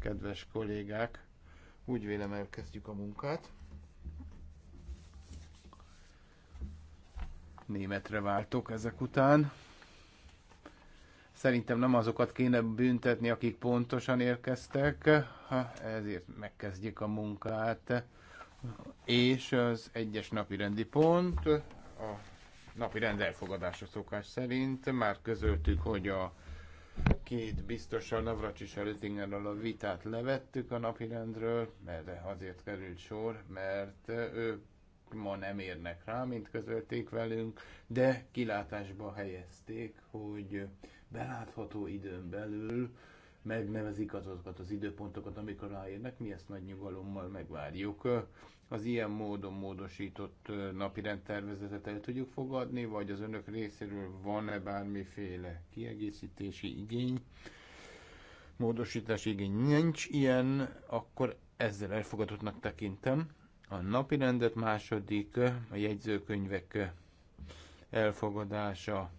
Kedves kollégák, úgy vélem elkezdjük a munkát. Németre váltok ezek után. Szerintem nem azokat kéne büntetni, akik pontosan érkeztek, ezért megkezdjük a munkát. És az egyes napi rendi pont, a napi rend elfogadása szokás szerint, már közöltük, hogy a Két biztossal, Navracsis Előtingerrel a vitát levettük a napirendről, mert azért került sor, mert ők ma nem érnek rá, mint közölték velünk, de kilátásba helyezték, hogy belátható időn belül megnevezik azokat az időpontokat, amikor ráérnek, mi ezt nagy nyugalommal megvárjuk az ilyen módon módosított napi rendtervezetet el tudjuk fogadni, vagy az önök részéről van-e bármiféle kiegészítési igény, módosítási igény nincs ilyen, akkor ezzel elfogadottnak tekintem. A napi rendet második, a jegyzőkönyvek elfogadása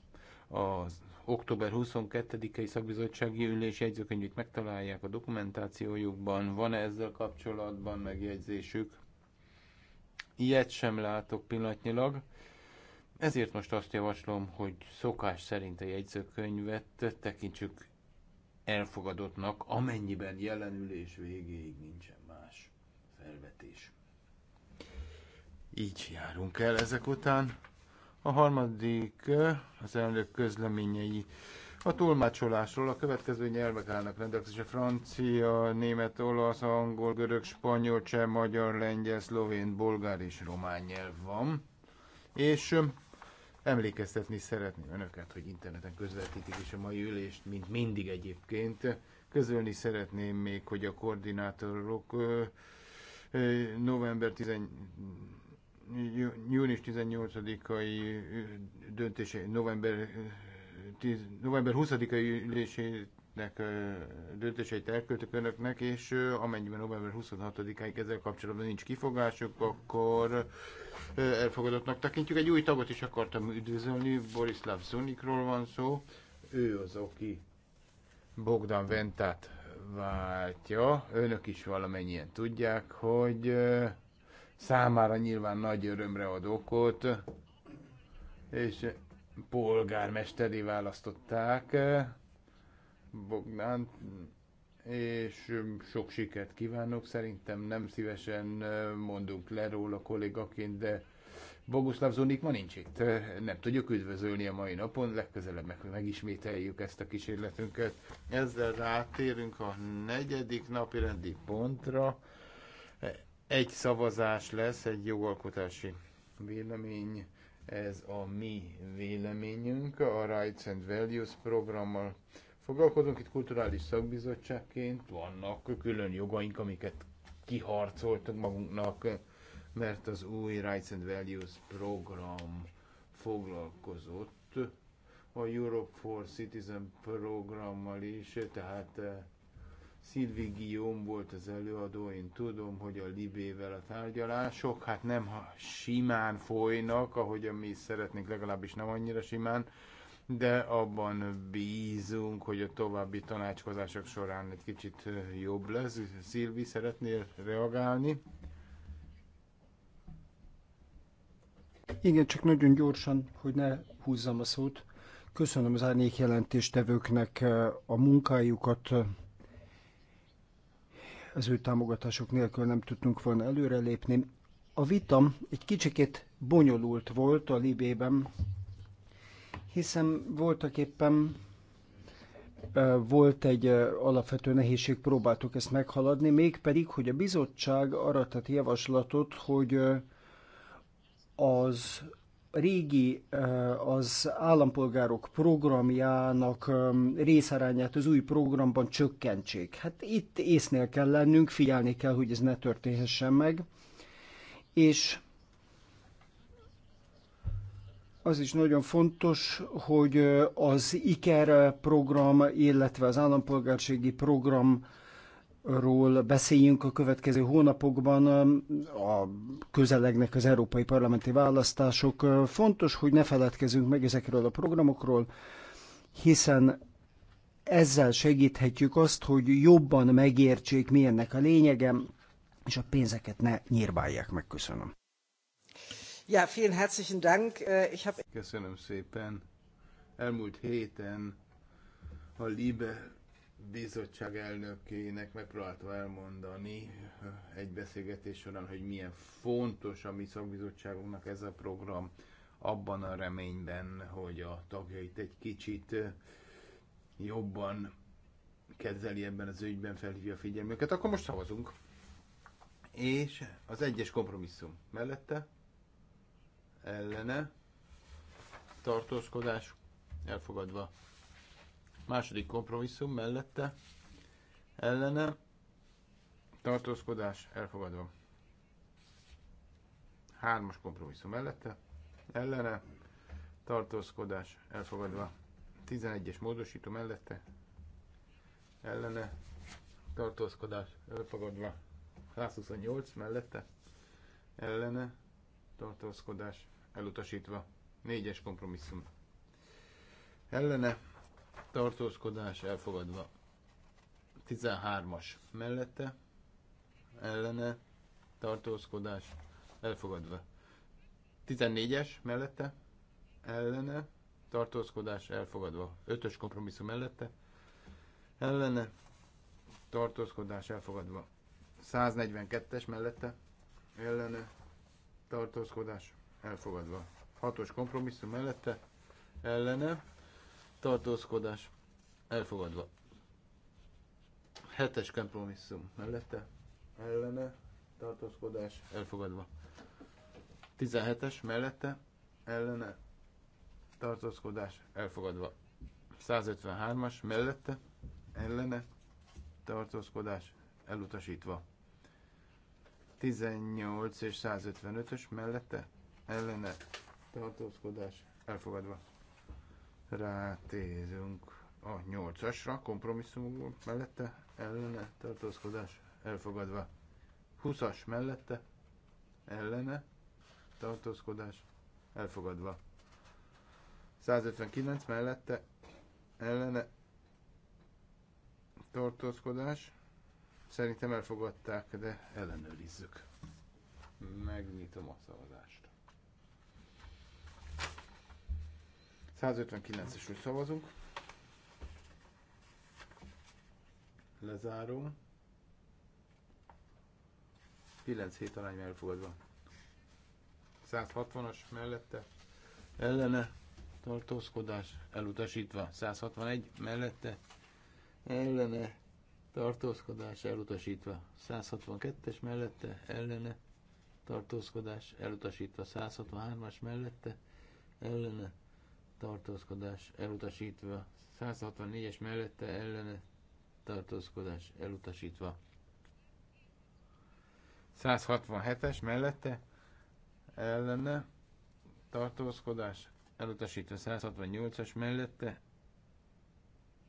az október 22-i szakbizottsági ülés jegyzőkönyvét megtalálják a dokumentációjukban. Van-e ezzel kapcsolatban megjegyzésük? Ilyet sem látok pillanatnyilag. Ezért most azt javaslom, hogy szokás szerint a jegyzőkönyvet tekintsük elfogadottnak, amennyiben jelenülés végéig nincsen más felvetés. Így járunk el ezek után. A harmadik eh, az elnök közleményei a tolmácsolásról a következő nyelvek állnak rendelkezésre. Francia, német, olasz, angol, görög, spanyol, cseh, magyar, lengyel, szlovén, bolgár és román nyelv van. És emlékeztetni szeretném önöket, hogy interneten közvetítik is a mai ülést, mint mindig egyébként. Közölni szeretném még, hogy a koordinátorok november 10 június 18-ai döntése, november 10, november 20-ai ülésének döntéseit elküldtük önöknek, és amennyiben november 26-áig ezzel kapcsolatban nincs kifogásuk, akkor elfogadottnak tekintjük. Egy új tagot is akartam üdvözölni, Borislav Zunikról van szó, ő az, aki Bogdan Ventát váltja. Önök is valamennyien tudják, hogy számára nyilván nagy örömre ad okot, és polgármesteri választották eh, Bogdánt, és eh, sok sikert kívánok. Szerintem nem szívesen eh, mondunk le róla kollégaként, de Boguslav Zonik ma nincs itt. Nem tudjuk üdvözölni a mai napon, legközelebb meg, megismételjük ezt a kísérletünket. Ezzel rátérünk a negyedik napi rendi pontra. Egy szavazás lesz, egy jogalkotási vélemény ez a mi véleményünk a Rights and Values programmal foglalkozunk itt kulturális szakbizottságként, vannak külön jogaink, amiket kiharcoltak magunknak, mert az új Rights and Values program foglalkozott a Europe for Citizen programmal is, tehát eh, Szilvi volt az előadó, én tudom, hogy a Libével a tárgyalások, hát nem ha simán folynak, ahogy mi szeretnénk, legalábbis nem annyira simán, de abban bízunk, hogy a további tanácskozások során egy kicsit jobb lesz. Szilvi, szeretnél reagálni? Igen, csak nagyon gyorsan, hogy ne húzzam a szót. Köszönöm az árnyék jelentéstevőknek eh, a munkájukat, az ő támogatások nélkül nem tudtunk volna előrelépni. A vita egy kicsikét bonyolult volt a Libében, hiszen voltak éppen volt egy alapvető nehézség, próbáltuk ezt meghaladni, mégpedig, hogy a bizottság arra tett javaslatot, hogy az régi az állampolgárok programjának részarányát az új programban csökkentsék. Hát itt észnél kell lennünk, figyelni kell, hogy ez ne történhessen meg. És az is nagyon fontos, hogy az IKER program, illetve az állampolgársági program ról beszéljünk a következő hónapokban, a közelegnek az európai parlamenti választások. Fontos, hogy ne feledkezzünk meg ezekről a programokról, hiszen ezzel segíthetjük azt, hogy jobban megértsék, mi ennek a lényege és a pénzeket ne nyírbálják meg. Köszönöm. Ja, vielen herzlichen Dank. Äh, ich hab... Köszönöm szépen. Elmúlt héten a Libe bizottság elnökének megpróbálta elmondani eh, egy beszélgetés során, hogy milyen fontos a mi szakbizottságunknak ez a program, abban a reményben, hogy a tagjait egy kicsit eh, jobban kezeli ebben az ügyben, felhívja a figyelmüket, akkor most szavazunk. És az egyes kompromisszum mellette, ellene, tartózkodás, elfogadva Második kompromisszum mellette ellene tartózkodás elfogadom. Hármas kompromisszum mellette ellene tartózkodás elfogadva. 11-es módosító mellette ellene tartózkodás elfogadva. 128 mellette ellene tartózkodás elutasítva. 4-es kompromisszum ellene tartózkodás elfogadva. 13-as mellette, ellene, tartózkodás elfogadva. 14-es mellette, ellene, tartózkodás elfogadva. 5-ös kompromisszum mellette, ellene, tartózkodás elfogadva. 142-es mellette, ellene, tartózkodás elfogadva. 6-os kompromisszum mellette, ellene, tartózkodás elfogadva. Hetes kompromisszum mellette ellene tartózkodás elfogadva. 17-es mellette ellene tartózkodás elfogadva. 153-as mellette ellene tartózkodás elutasítva. 18 és 155-ös mellette ellene tartózkodás elfogadva. Rátérünk a 8-asra, kompromisszum mellette, ellene, tartózkodás elfogadva. 20-as mellette, ellene, tartózkodás elfogadva. 159 mellette, ellene, tartózkodás. Szerintem elfogadták, de ellenőrizzük. Megnyitom a szavazást. 159-esről szavazunk. Lezárom. 9 hét arány elfogadva. 160-as mellette ellene tartózkodás elutasítva. 161 mellette ellene tartózkodás elutasítva. 162-es mellette ellene tartózkodás elutasítva. 163-as mellette ellene tartózkodás elutasítva. 164-es mellette ellene tartózkodás elutasítva. 167-es mellette ellene tartózkodás elutasítva. 168-as mellette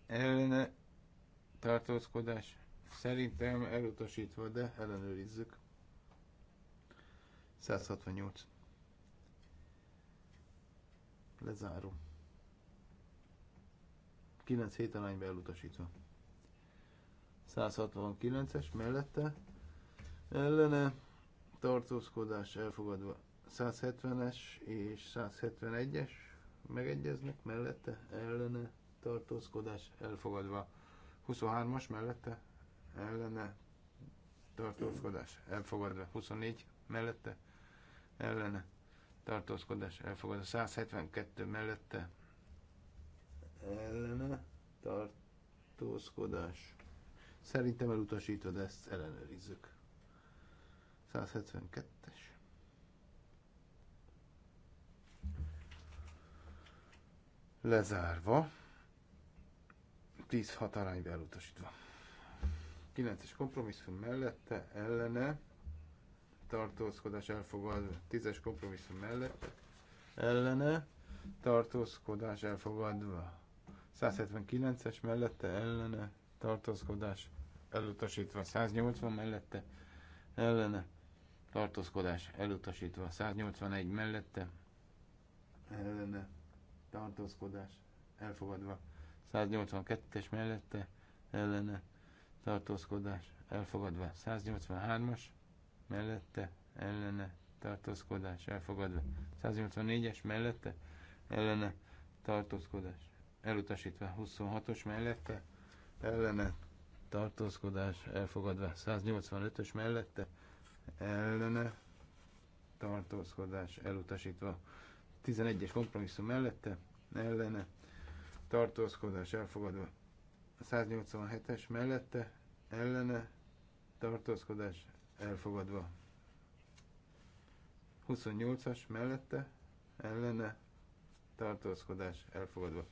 ellene tartózkodás szerintem elutasítva, de ellenőrizzük. 168. Lezárom. 9 7 arányba elutasítva. 169-es mellette ellene tartózkodás elfogadva 170-es és 171-es megegyeznek mellette ellene tartózkodás elfogadva 23-as mellette ellene tartózkodás elfogadva 24 mellette ellene tartózkodás elfogadva 172 mellette ellene tartózkodás. Szerintem elutasítod ezt, ellenőrizzük. 172-es. Lezárva. 10-6 arányba elutasítva. 9-es kompromisszum mellette, ellene, tartózkodás elfogad, 10-es kompromisszum mellette, ellene, tartózkodás elfogadva. 179-es mellette ellene tartózkodás elutasítva, 180 mellette ellene tartózkodás elutasítva, 181 mellette ellene tartózkodás elfogadva, 182-es mellette ellene tartózkodás elfogadva, 183-as mellette ellene tartózkodás elfogadva, 184-es mellette ellene tartózkodás elutasítva 26-os mellette, ellene tartózkodás elfogadva 185-ös mellette, ellene tartózkodás elutasítva 11-es kompromisszum mellette, ellene tartózkodás elfogadva 187-es mellette, ellene tartózkodás elfogadva 28-as mellette, ellene tartózkodás elfogadva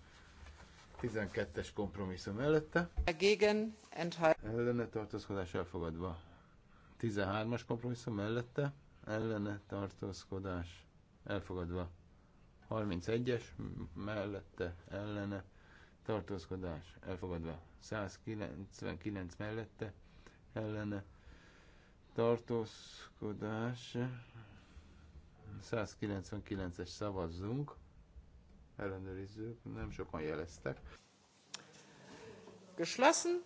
12-es kompromisszum mellette. Gegen ellene tartózkodás elfogadva. 13-as kompromisszum mellette. Ellene tartózkodás elfogadva. 31-es mellette ellene tartózkodás elfogadva. 199 mellette ellene tartózkodás 199-es szavazzunk ellenőrizők nem sokan jeleztek. Geschlossen.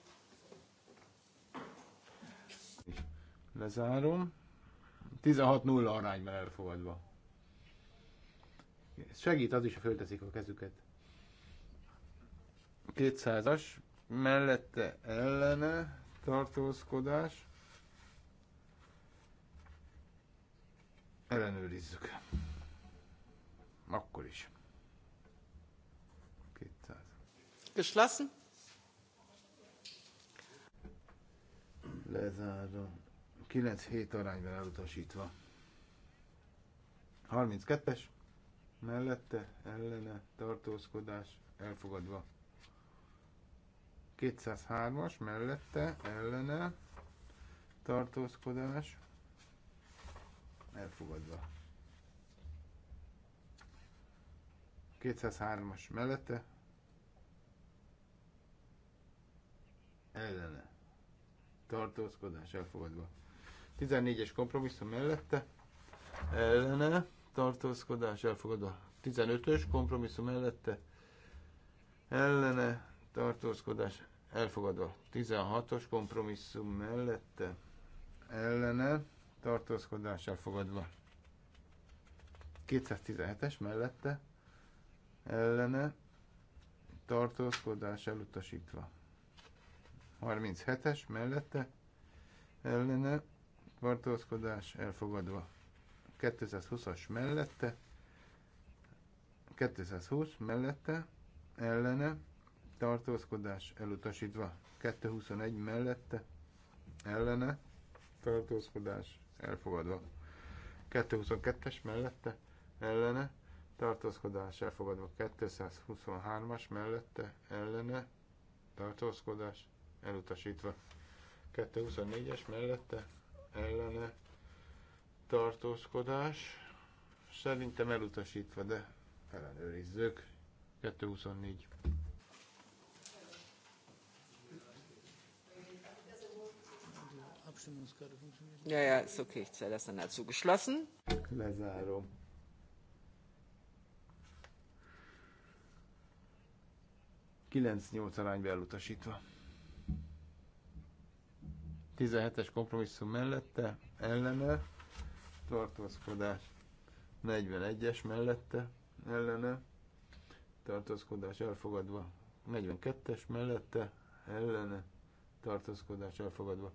Lezárom. 16-0 arányban elfogadva. Segít az is, ha fölteszik a kezüket. 200-as, mellette ellene tartózkodás. Ellenőrizzük. Akkor is. Geschlossen. Lezárom. 9-7 arányban elutasítva. 32-es. Mellette, ellene, tartózkodás, elfogadva. 203-as, mellette, ellene, tartózkodás, elfogadva. 203-as mellette, ellene tartózkodás elfogadva. 14-es kompromisszum mellette ellene tartózkodás elfogadva. 15-ös kompromisszum mellette ellene tartózkodás elfogadva. 16-os kompromisszum mellette ellene tartózkodás elfogadva. 217-es mellette ellene tartózkodás elutasítva. 37-es mellette ellene tartózkodás elfogadva. 220-as mellette 220 mellette ellene tartózkodás elutasítva. 221 mellette ellene tartózkodás elfogadva. 222-es mellette ellene tartózkodás elfogadva. 223-as mellette ellene tartózkodás elutasítva. 224-es mellette ellene tartózkodás. Szerintem elutasítva, de ellenőrizzük. 224. Ja, ja, ist okay. Ich zähle das dann dazu. Geschlossen. Lezárom. Kilenc nyolc arányba elutasítva. 17-es kompromisszum mellette, ellene, tartózkodás 41-es mellette, ellene, tartózkodás elfogadva 42-es mellette, ellene, tartózkodás elfogadva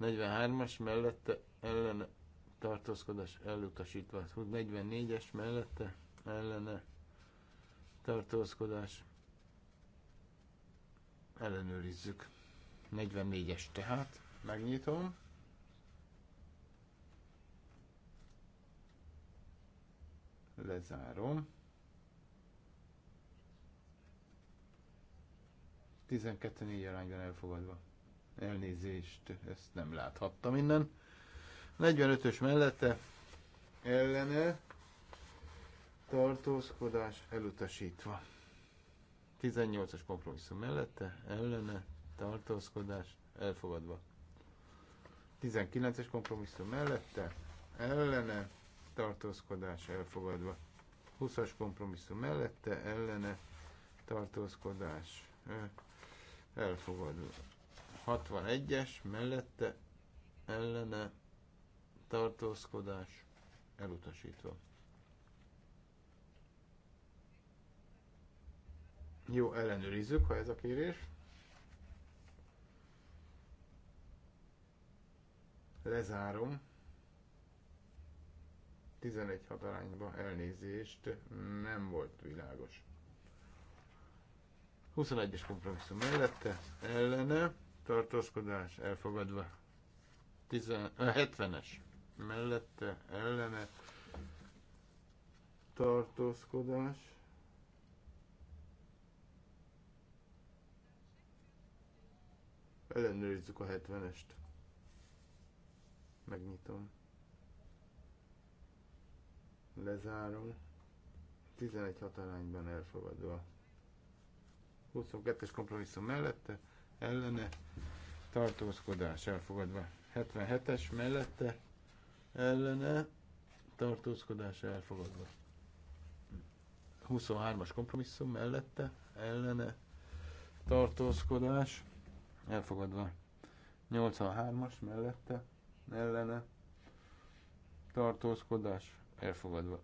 43-as mellette, ellene, tartózkodás elutasítva 44-es mellette, ellene, tartózkodás ellenőrizzük 44-es tehát Megnyitom. Lezárom. 12-4 arányban elfogadva. Elnézést, ezt nem láthattam innen. 45-ös mellette ellene tartózkodás elutasítva. 18-as kompromisszum mellette ellene tartózkodás elfogadva. 19-es kompromisszum mellette, ellene, tartózkodás elfogadva. 20-as kompromisszum mellette, ellene, tartózkodás elfogadva. 61-es mellette, ellene, tartózkodás elutasítva. Jó, ellenőrizzük, ha ez a kérés. Lezárom. 11 hat elnézést, nem volt világos. 21-es kompromisszum mellette, ellene, tartózkodás elfogadva. 70-es eh, mellette, ellene, tartózkodás. Ellenőrizzük a 70-est megnyitom, lezárom, 11 hatarányban elfogadva. 22-es kompromisszum mellette, ellene, tartózkodás elfogadva. 77-es mellette, ellene, tartózkodás elfogadva. 23-as kompromisszum mellette, ellene, tartózkodás elfogadva. 83-as mellette, ellene tartózkodás elfogadva.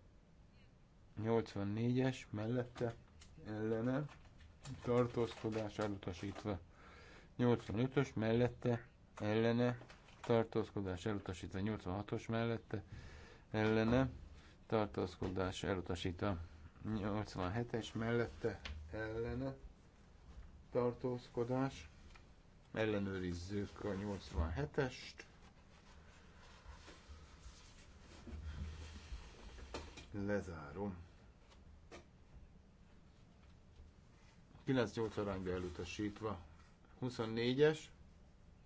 84-es mellette ellene tartózkodás elutasítva. 85-ös mellette ellene tartózkodás elutasítva. 86-os mellette ellene tartózkodás elutasítva. 87-es mellette ellene tartózkodás ellenőrizzük a 87-est Lezárom. 9-8 arányba elutasítva. 24-es.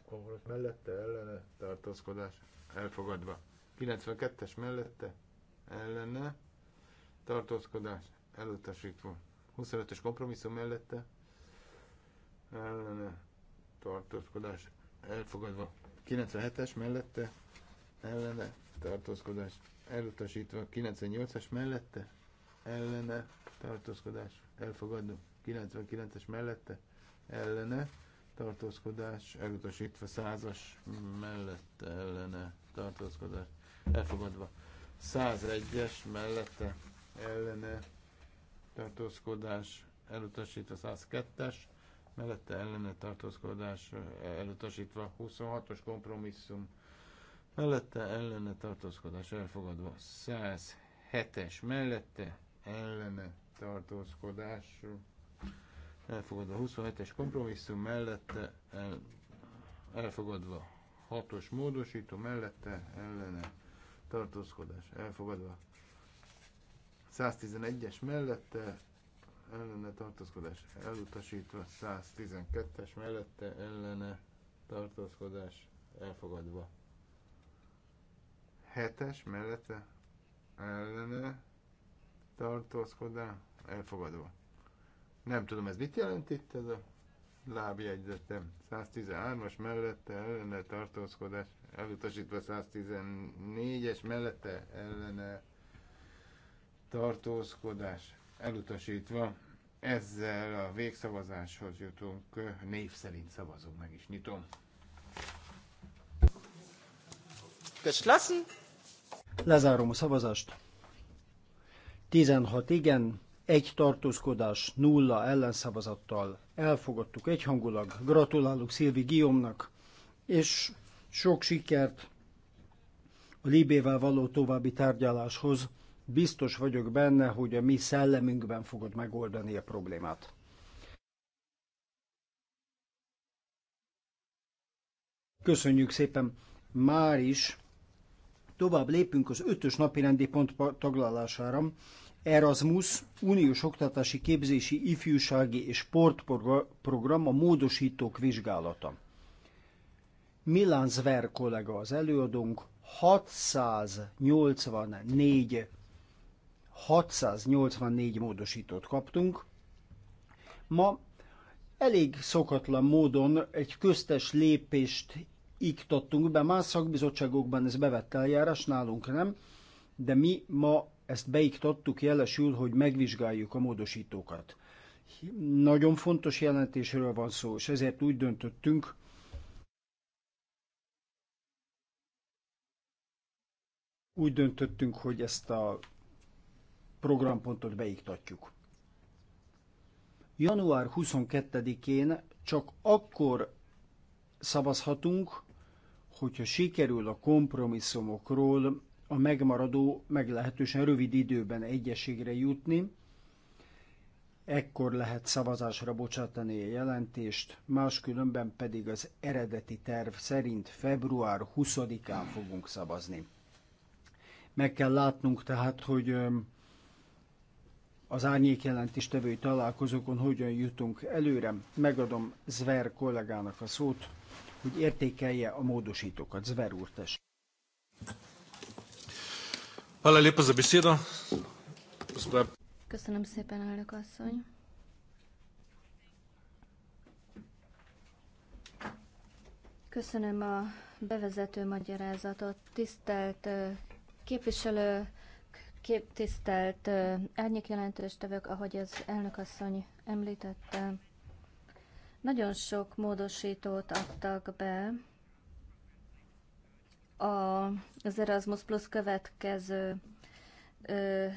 Komolyak mellette ellene tartózkodás elfogadva. 92-es mellette ellene tartózkodás elutasítva. 25-ös kompromisszum mellette ellene tartózkodás elfogadva. 97-es mellette ellene tartózkodás elutasítva 98-as mellette, ellene tartózkodás elfogadva 99-es mellette, ellene tartózkodás elutasítva 100-as mellette, ellene tartózkodás elfogadva 101-es mellette, ellene tartózkodás elutasítva 102-es, mellette ellene tartózkodás elutasítva 26-os kompromisszum mellette ellene tartózkodás elfogadva 107-es mellette ellene tartózkodás elfogadva 27-es kompromisszum mellette el, elfogadva 6-os módosító mellette ellene tartózkodás elfogadva 111-es mellette ellene tartózkodás elutasítva 112-es mellette ellene tartózkodás elfogadva hetes mellette ellene tartózkodás elfogadó. Nem tudom, ez mit jelent itt ez a lábjegyzetem. 113-as mellette ellene tartózkodás, elutasítva 114-es mellette ellene tartózkodás, elutasítva. Ezzel a végszavazáshoz jutunk, név szerint szavazunk, meg is nyitom. Geschlossen. Lezárom a szavazást. 16 igen, egy tartózkodás, nulla ellenszavazattal elfogadtuk egyhangulag. Gratulálok Szilvi Giomnak, és sok sikert a Libével való további tárgyaláshoz. Biztos vagyok benne, hogy a mi szellemünkben fogod megoldani a problémát. Köszönjük szépen! Már is Tovább lépünk az ötös napirendi pont taglalására. Erasmus, uniós oktatási képzési ifjúsági és sportprogram a módosítók vizsgálata. Milán Zver kollega az előadónk, 684 684 módosítót kaptunk. Ma elég szokatlan módon egy köztes lépést iktattunk be, más szakbizottságokban ez bevett eljárás, nálunk nem, de mi ma ezt beiktattuk jelesül, hogy megvizsgáljuk a módosítókat. Nagyon fontos jelentésről van szó, és ezért úgy döntöttünk, úgy döntöttünk, hogy ezt a programpontot beiktatjuk. Január 22-én csak akkor szavazhatunk, hogyha sikerül a kompromisszumokról a megmaradó, meglehetősen rövid időben egyeségre jutni, ekkor lehet szavazásra bocsátani a jelentést, máskülönben pedig az eredeti terv szerint február 20-án fogunk szavazni. Meg kell látnunk tehát, hogy az árnyék jelentéstevői találkozókon hogyan jutunk előre. Megadom Zver kollégának a szót, hogy értékelje a módosítókat. Zver úr, tessék. Hvala lepa za Köszönöm szépen, elnök asszony. Köszönöm a bevezető magyarázatot. Tisztelt képviselő, tisztelt tisztelt jelentős tevők, ahogy az elnök asszony említette. Nagyon sok módosítót adtak be a, az Erasmus Plus következő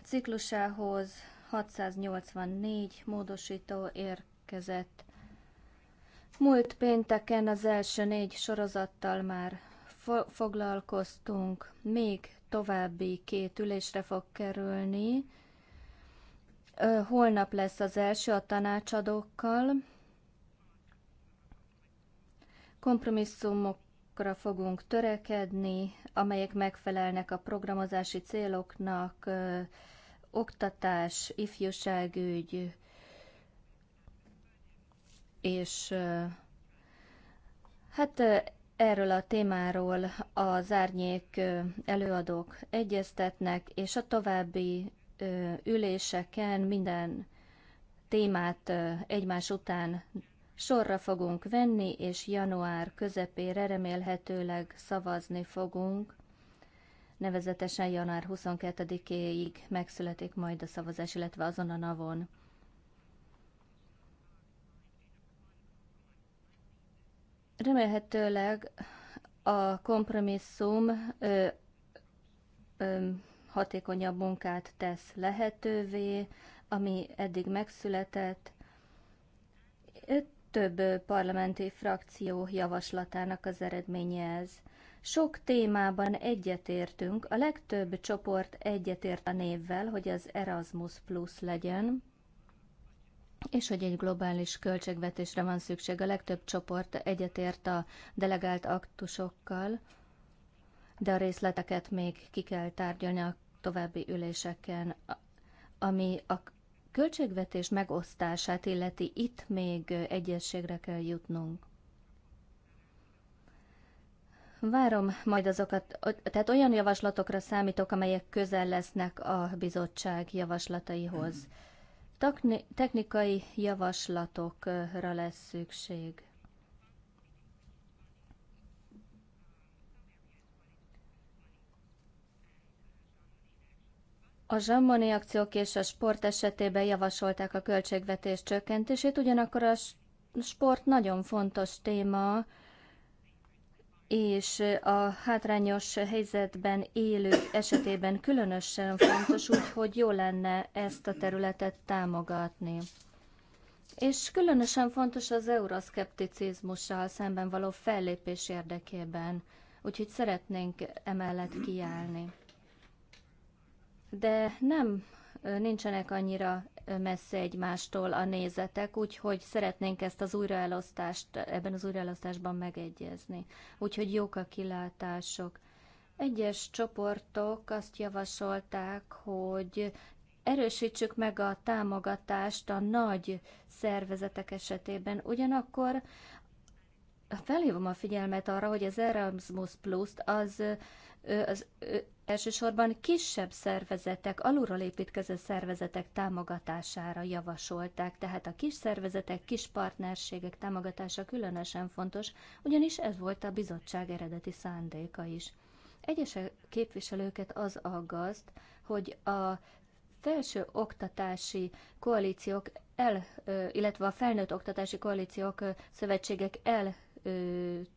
ciklusához. 684 módosító érkezett. Múlt pénteken az első négy sorozattal már fo- foglalkoztunk, még további két ülésre fog kerülni. Holnap lesz az első a tanácsadókkal, kompromisszumokra fogunk törekedni, amelyek megfelelnek a programozási céloknak, oktatás, ifjúságügy és hát erről a témáról az árnyék előadók egyeztetnek, és a további üléseken minden témát egymás után sorra fogunk venni, és január közepére remélhetőleg szavazni fogunk. Nevezetesen január 22-éig megszületik majd a szavazás, illetve azon a navon. Remélhetőleg a kompromisszum ö, ö, hatékonyabb munkát tesz lehetővé, ami eddig megszületett, több parlamenti frakció javaslatának az eredménye ez. Sok témában egyetértünk, a legtöbb csoport egyetért a névvel, hogy az Erasmus Plus legyen, és hogy egy globális költségvetésre van szükség. A legtöbb csoport egyetért a delegált aktusokkal, de a részleteket még ki kell tárgyalni a további üléseken, ami a költségvetés megosztását illeti, itt még egyességre kell jutnunk. Várom majd azokat, tehát olyan javaslatokra számítok, amelyek közel lesznek a bizottság javaslataihoz. Technikai javaslatokra lesz szükség. A zsammoni akciók és a sport esetében javasolták a költségvetés csökkentését, ugyanakkor a sport nagyon fontos téma, és a hátrányos helyzetben élők esetében különösen fontos, úgyhogy jó lenne ezt a területet támogatni. És különösen fontos az euroszkepticizmussal szemben való fellépés érdekében, úgyhogy szeretnénk emellett kiállni de nem nincsenek annyira messze egymástól a nézetek, úgyhogy szeretnénk ezt az újraelosztást, ebben az újraelosztásban megegyezni. Úgyhogy jók a kilátások. Egyes csoportok azt javasolták, hogy erősítsük meg a támogatást a nagy szervezetek esetében, ugyanakkor felhívom a figyelmet arra, hogy az Erasmus Plus-t az, az Elsősorban kisebb szervezetek, alulról építkező szervezetek támogatására javasolták, tehát a kis szervezetek, kis partnerségek támogatása különösen fontos, ugyanis ez volt a bizottság eredeti szándéka is. Egyes képviselőket az aggaszt, hogy a felső oktatási koalíciók, el, illetve a felnőtt oktatási koalíciók, szövetségek el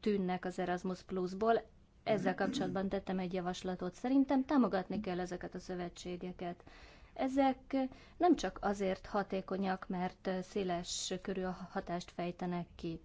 tűnnek az Erasmus Plus-ból, ezzel kapcsolatban tettem egy javaslatot. Szerintem támogatni kell ezeket a szövetségeket. Ezek nem csak azért hatékonyak, mert széles körű a hatást fejtenek ki,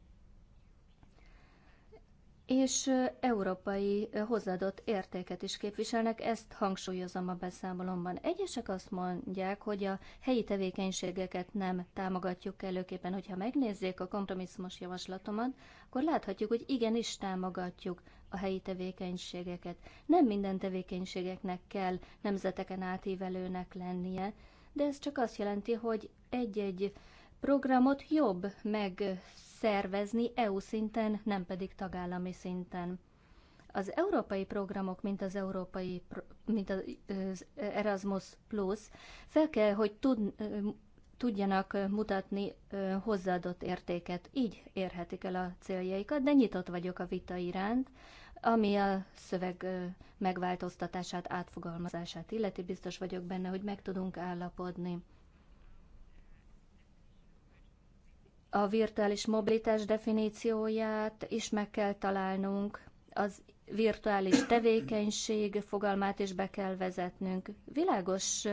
és európai hozzáadott értéket is képviselnek, ezt hangsúlyozom a beszámolomban. Egyesek azt mondják, hogy a helyi tevékenységeket nem támogatjuk előképpen. Hogyha megnézzék a kompromisszumos javaslatomat, akkor láthatjuk, hogy igenis támogatjuk a helyi tevékenységeket. Nem minden tevékenységeknek kell nemzeteken átívelőnek lennie, de ez csak azt jelenti, hogy egy-egy programot jobb megszervezni EU szinten, nem pedig tagállami szinten. Az európai programok, mint az európai, mint az Erasmus Plus, fel kell, hogy tud, tudjanak mutatni hozzáadott értéket. Így érhetik el a céljaikat, de nyitott vagyok a vita iránt, ami a szöveg megváltoztatását, átfogalmazását illeti, biztos vagyok benne, hogy meg tudunk állapodni. A virtuális mobilitás definícióját is meg kell találnunk, az virtuális tevékenység fogalmát is be kell vezetnünk. Világos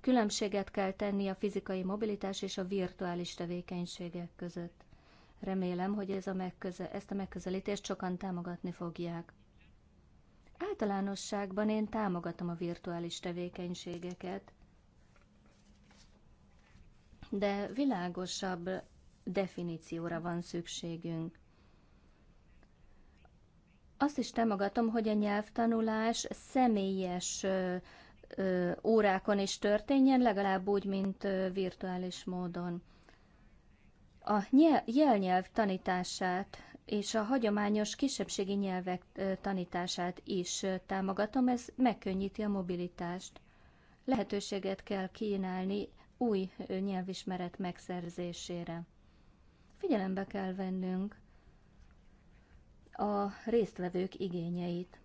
különbséget kell tenni a fizikai mobilitás és a virtuális tevékenységek között. Remélem, hogy ez a megköze- ezt a megközelítést sokan támogatni fogják. Általánosságban én támogatom a virtuális tevékenységeket, de világosabb definícióra van szükségünk. Azt is támogatom, hogy a nyelvtanulás személyes órákon is történjen, legalább úgy, mint virtuális módon a jelnyelv tanítását és a hagyományos kisebbségi nyelvek tanítását is támogatom, ez megkönnyíti a mobilitást. Lehetőséget kell kínálni új nyelvismeret megszerzésére. Figyelembe kell vennünk a résztvevők igényeit,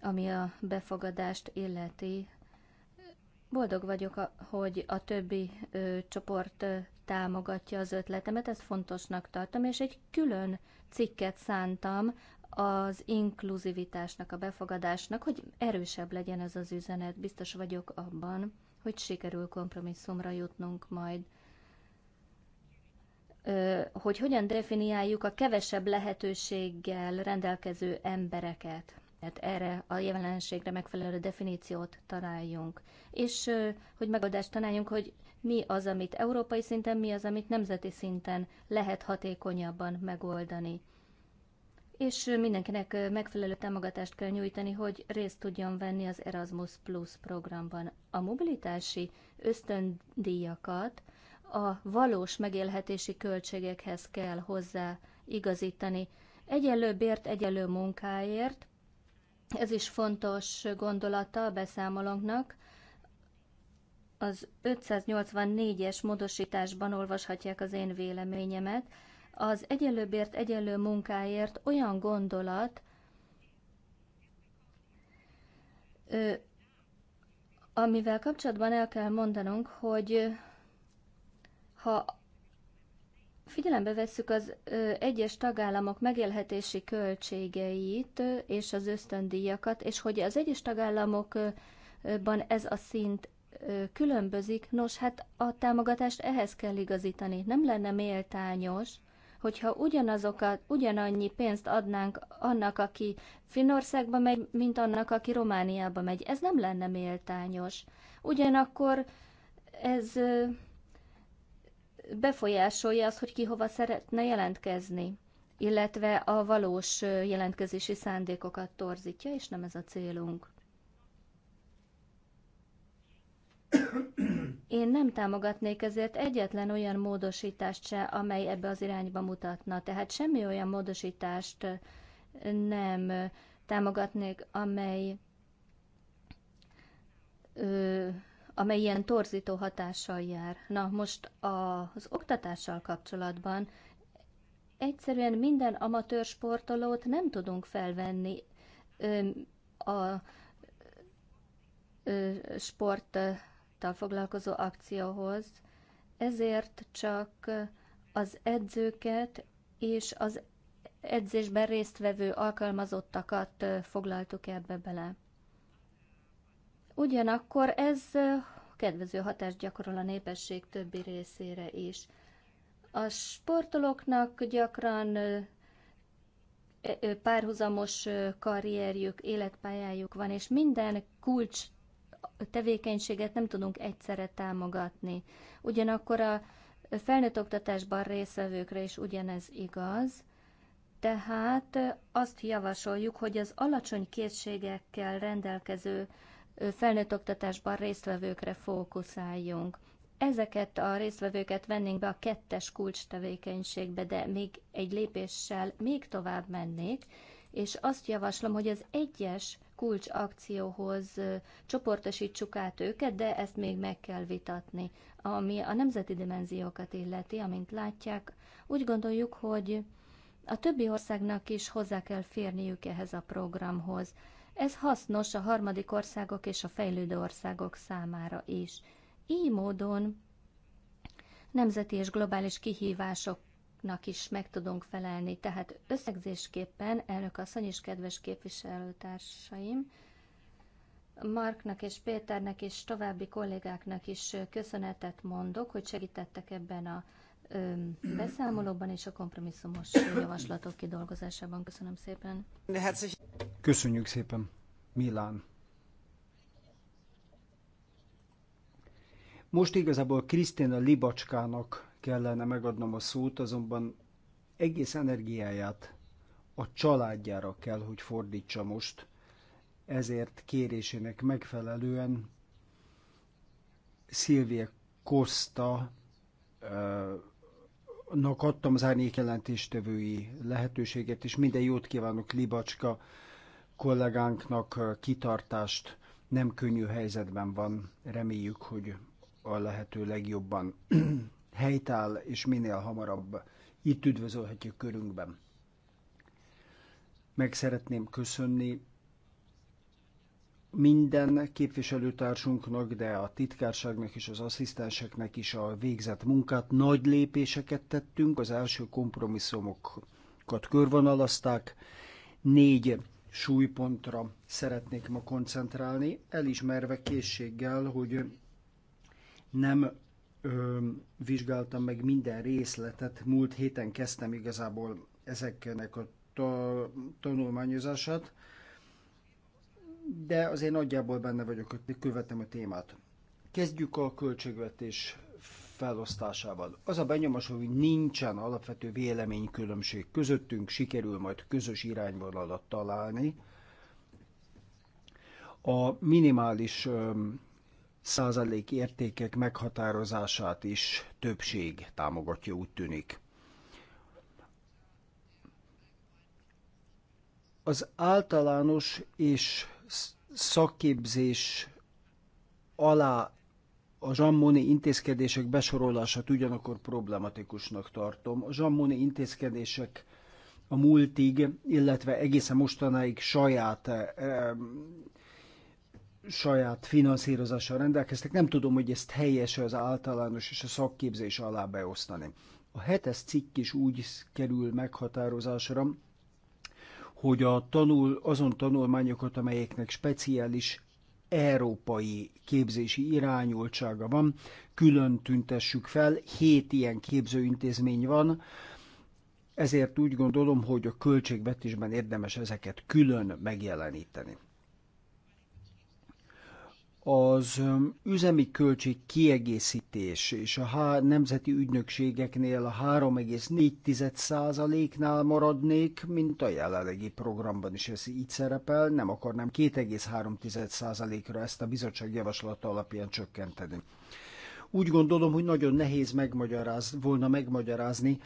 ami a befogadást illeti. Boldog vagyok, hogy a többi csoport támogatja az ötletemet, ezt fontosnak tartom, és egy külön cikket szántam az inkluzivitásnak, a befogadásnak, hogy erősebb legyen ez az üzenet. Biztos vagyok abban, hogy sikerül kompromisszumra jutnunk majd. Hogy hogyan definiáljuk a kevesebb lehetőséggel rendelkező embereket. tehát erre a jelenségre megfelelő definíciót találjunk. És hogy megoldást találjunk, hogy mi az, amit európai szinten, mi az, amit nemzeti szinten lehet hatékonyabban megoldani. És mindenkinek megfelelő támogatást kell nyújtani, hogy részt tudjon venni az Erasmus Plus programban. A mobilitási ösztöndíjakat a valós megélhetési költségekhez kell hozzá igazítani. Egyenlő bért, egyenlő munkáért, ez is fontos gondolata a beszámolónknak, az 584-es módosításban olvashatják az én véleményemet. Az egyenlőbért, egyenlő munkáért olyan gondolat, amivel kapcsolatban el kell mondanunk, hogy ha figyelembe vesszük az egyes tagállamok megélhetési költségeit és az ösztöndíjakat, és hogy az egyes tagállamokban ez a szint különbözik, nos, hát a támogatást ehhez kell igazítani. Nem lenne méltányos, hogyha ugyanazokat, ugyanannyi pénzt adnánk annak, aki Finnországba megy, mint annak, aki Romániába megy. Ez nem lenne méltányos. Ugyanakkor ez befolyásolja azt, hogy ki hova szeretne jelentkezni, illetve a valós jelentkezési szándékokat torzítja, és nem ez a célunk. Én nem támogatnék ezért egyetlen olyan módosítást se, amely ebbe az irányba mutatna. Tehát semmi olyan módosítást nem támogatnék, amely, ö, amely ilyen torzító hatással jár. Na most a, az oktatással kapcsolatban egyszerűen minden amatőr sportolót nem tudunk felvenni ö, a ö, sport sporttal foglalkozó akcióhoz, ezért csak az edzőket és az edzésben résztvevő alkalmazottakat foglaltuk ebbe bele. Ugyanakkor ez kedvező hatást gyakorol a népesség többi részére is. A sportolóknak gyakran párhuzamos karrierjük, életpályájuk van, és minden kulcs tevékenységet nem tudunk egyszerre támogatni. Ugyanakkor a felnőtt oktatásban részvevőkre is ugyanez igaz, tehát azt javasoljuk, hogy az alacsony készségekkel rendelkező felnőtt oktatásban résztvevőkre fókuszáljunk. Ezeket a résztvevőket vennénk be a kettes kulcs tevékenységbe, de még egy lépéssel még tovább mennék, és azt javaslom, hogy az egyes kulcsakcióhoz csoportosítsuk át őket, de ezt még meg kell vitatni. Ami a nemzeti dimenziókat illeti, amint látják, úgy gondoljuk, hogy a többi országnak is hozzá kell férniük ehhez a programhoz. Ez hasznos a harmadik országok és a fejlődő országok számára is. Így módon nemzeti és globális kihívások nak is meg tudunk felelni. Tehát összegzésképpen, elnök asszony és kedves képviselőtársaim, Marknak és Péternek és további kollégáknak is köszönetet mondok, hogy segítettek ebben a ö, beszámolóban és a kompromisszumos javaslatok kidolgozásában. Köszönöm szépen. Köszönjük szépen. Milán. Most igazából Krisztina Libacskának kellene megadnom a szót, azonban egész energiáját a családjára kell, hogy fordítsa most, ezért kérésének megfelelően Szilvia Costa eh, nak adtam az árnyékjelentéstevői lehetőséget, és minden jót kívánok Libacska kollégánknak eh, kitartást, nem könnyű helyzetben van, reméljük, hogy a lehető legjobban helytáll, és minél hamarabb itt üdvözölhetjük körünkben. Meg szeretném köszönni minden képviselőtársunknak, de a titkárságnak és az asszisztenseknek is a végzett munkát. Nagy lépéseket tettünk, az első kompromisszumokat körvonalazták. Négy súlypontra szeretnék ma koncentrálni, elismerve készséggel, hogy nem ö, vizsgáltam meg minden részletet. Múlt héten kezdtem igazából ezeknek a ta, tanulmányozását, de azért nagyjából benne vagyok, hogy követem a témát. Kezdjük a költségvetés felosztásával. Az a benyomás, hogy nincsen alapvető véleménykülönbség közöttünk, sikerül majd közös irányvonalat találni. A minimális százalék értékek meghatározását is többség támogatja, úgy tűnik. Az általános és szakképzés alá a zsammoni intézkedések besorolását ugyanakkor problematikusnak tartom. A zsammoni intézkedések a múltig, illetve egészen mostanáig saját saját finanszírozással rendelkeztek. Nem tudom, hogy ezt helyes az általános és a szakképzés alá beosztani. A hetes cikk is úgy kerül meghatározásra, hogy a tanul, azon tanulmányokat, amelyeknek speciális európai képzési irányultsága van, külön tüntessük fel, hét ilyen képzőintézmény van, ezért úgy gondolom, hogy a költségvetésben érdemes ezeket külön megjeleníteni az üzemi költség kiegészítés és a há- nemzeti ügynökségeknél a 3,4%-nál maradnék, mint a jelenlegi programban is ez így szerepel, nem akarnám 2,3%-ra ezt a bizottság javaslata alapján csökkenteni. Úgy gondolom, hogy nagyon nehéz megmagyaráz, volna megmagyarázni,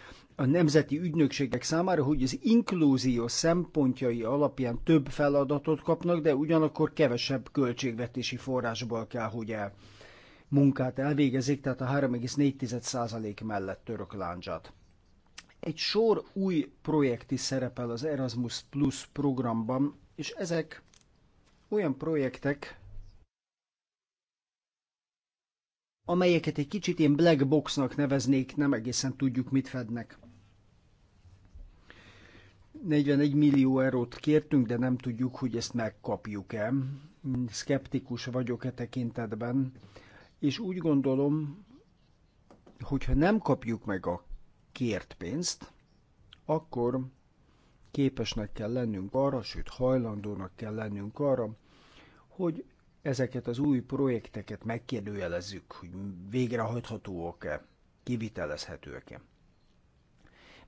a nemzeti ügynökségek számára, hogy az inklúzió szempontjai alapján több feladatot kapnak, de ugyanakkor kevesebb költségvetési forrásból kell, hogy el munkát elvégezik, tehát a 3,4% mellett török láncsát. Egy sor új projekt is szerepel az Erasmus Plus programban, és ezek olyan projektek, amelyeket egy kicsit én black boxnak neveznék, nem egészen tudjuk, mit fednek. 41 millió eurót kértünk, de nem tudjuk, hogy ezt megkapjuk-e. Skeptikus vagyok e tekintetben, és úgy gondolom, hogyha nem kapjuk meg a kért pénzt, akkor képesnek kell lennünk arra, sőt hajlandónak kell lennünk arra, hogy ezeket az új projekteket megkérdőjelezzük, hogy végrehajthatóak-e, kivitelezhetőek-e.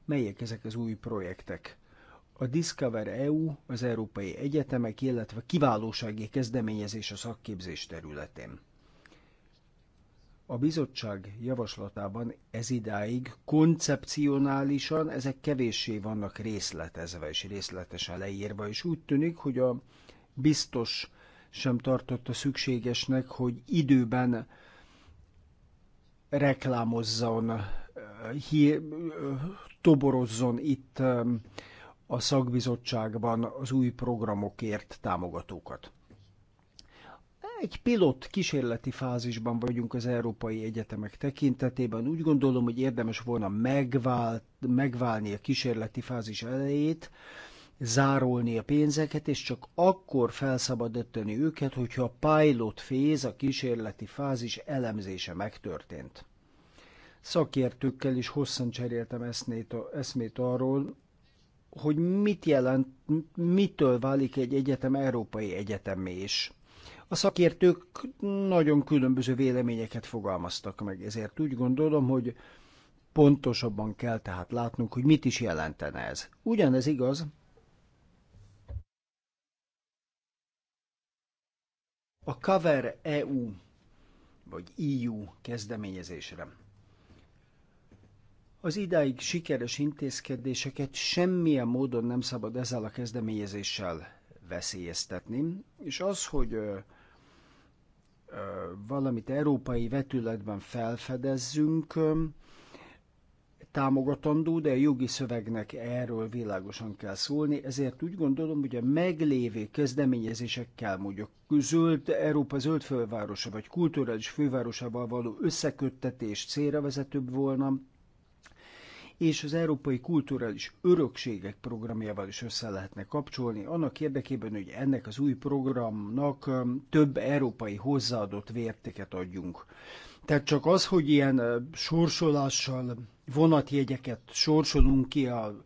Melyek ezek az új projektek? a Discover EU az Európai Egyetemek, illetve kiválósági kezdeményezés a szakképzés területén. A bizottság javaslatában ez idáig koncepcionálisan ezek kevéssé vannak részletezve és részletesen leírva, és úgy tűnik, hogy a biztos sem tartotta szükségesnek, hogy időben reklámozzon, eh, hír, eh, toborozzon itt eh, a szakbizottságban az új programokért támogatókat. Egy pilot kísérleti fázisban vagyunk az európai egyetemek tekintetében. Úgy gondolom, hogy érdemes volna megvál, megválni a kísérleti fázis elejét, zárolni a pénzeket, és csak akkor felszabadítani őket, hogyha a pilot féz, a kísérleti fázis elemzése megtörtént. Szakértőkkel is hosszan cseréltem eszmét, eszmét arról, hogy mit jelent, mitől válik egy egyetem európai egyetemé is. A szakértők nagyon különböző véleményeket fogalmaztak meg, ezért úgy gondolom, hogy pontosabban kell tehát látnunk, hogy mit is jelentene ez. Ugyanez igaz a Cover EU vagy EU kezdeményezésre. Az idáig sikeres intézkedéseket semmilyen módon nem szabad ezzel a kezdeményezéssel veszélyeztetni, és az, hogy ö, ö, valamit európai vetületben felfedezzünk, ö, támogatandó, de a jogi szövegnek erről világosan kell szólni, ezért úgy gondolom, hogy a meglévő kezdeményezésekkel, mondjuk zöld, Európa zöld fővárosa vagy kulturális fővárosával való összeköttetés célra vezetőbb volna, és az Európai Kulturális Örökségek programjával is össze lehetne kapcsolni, annak érdekében, hogy ennek az új programnak um, több európai hozzáadott vértéket adjunk. Tehát csak az, hogy ilyen uh, sorsolással vonatjegyeket sorsolunk ki a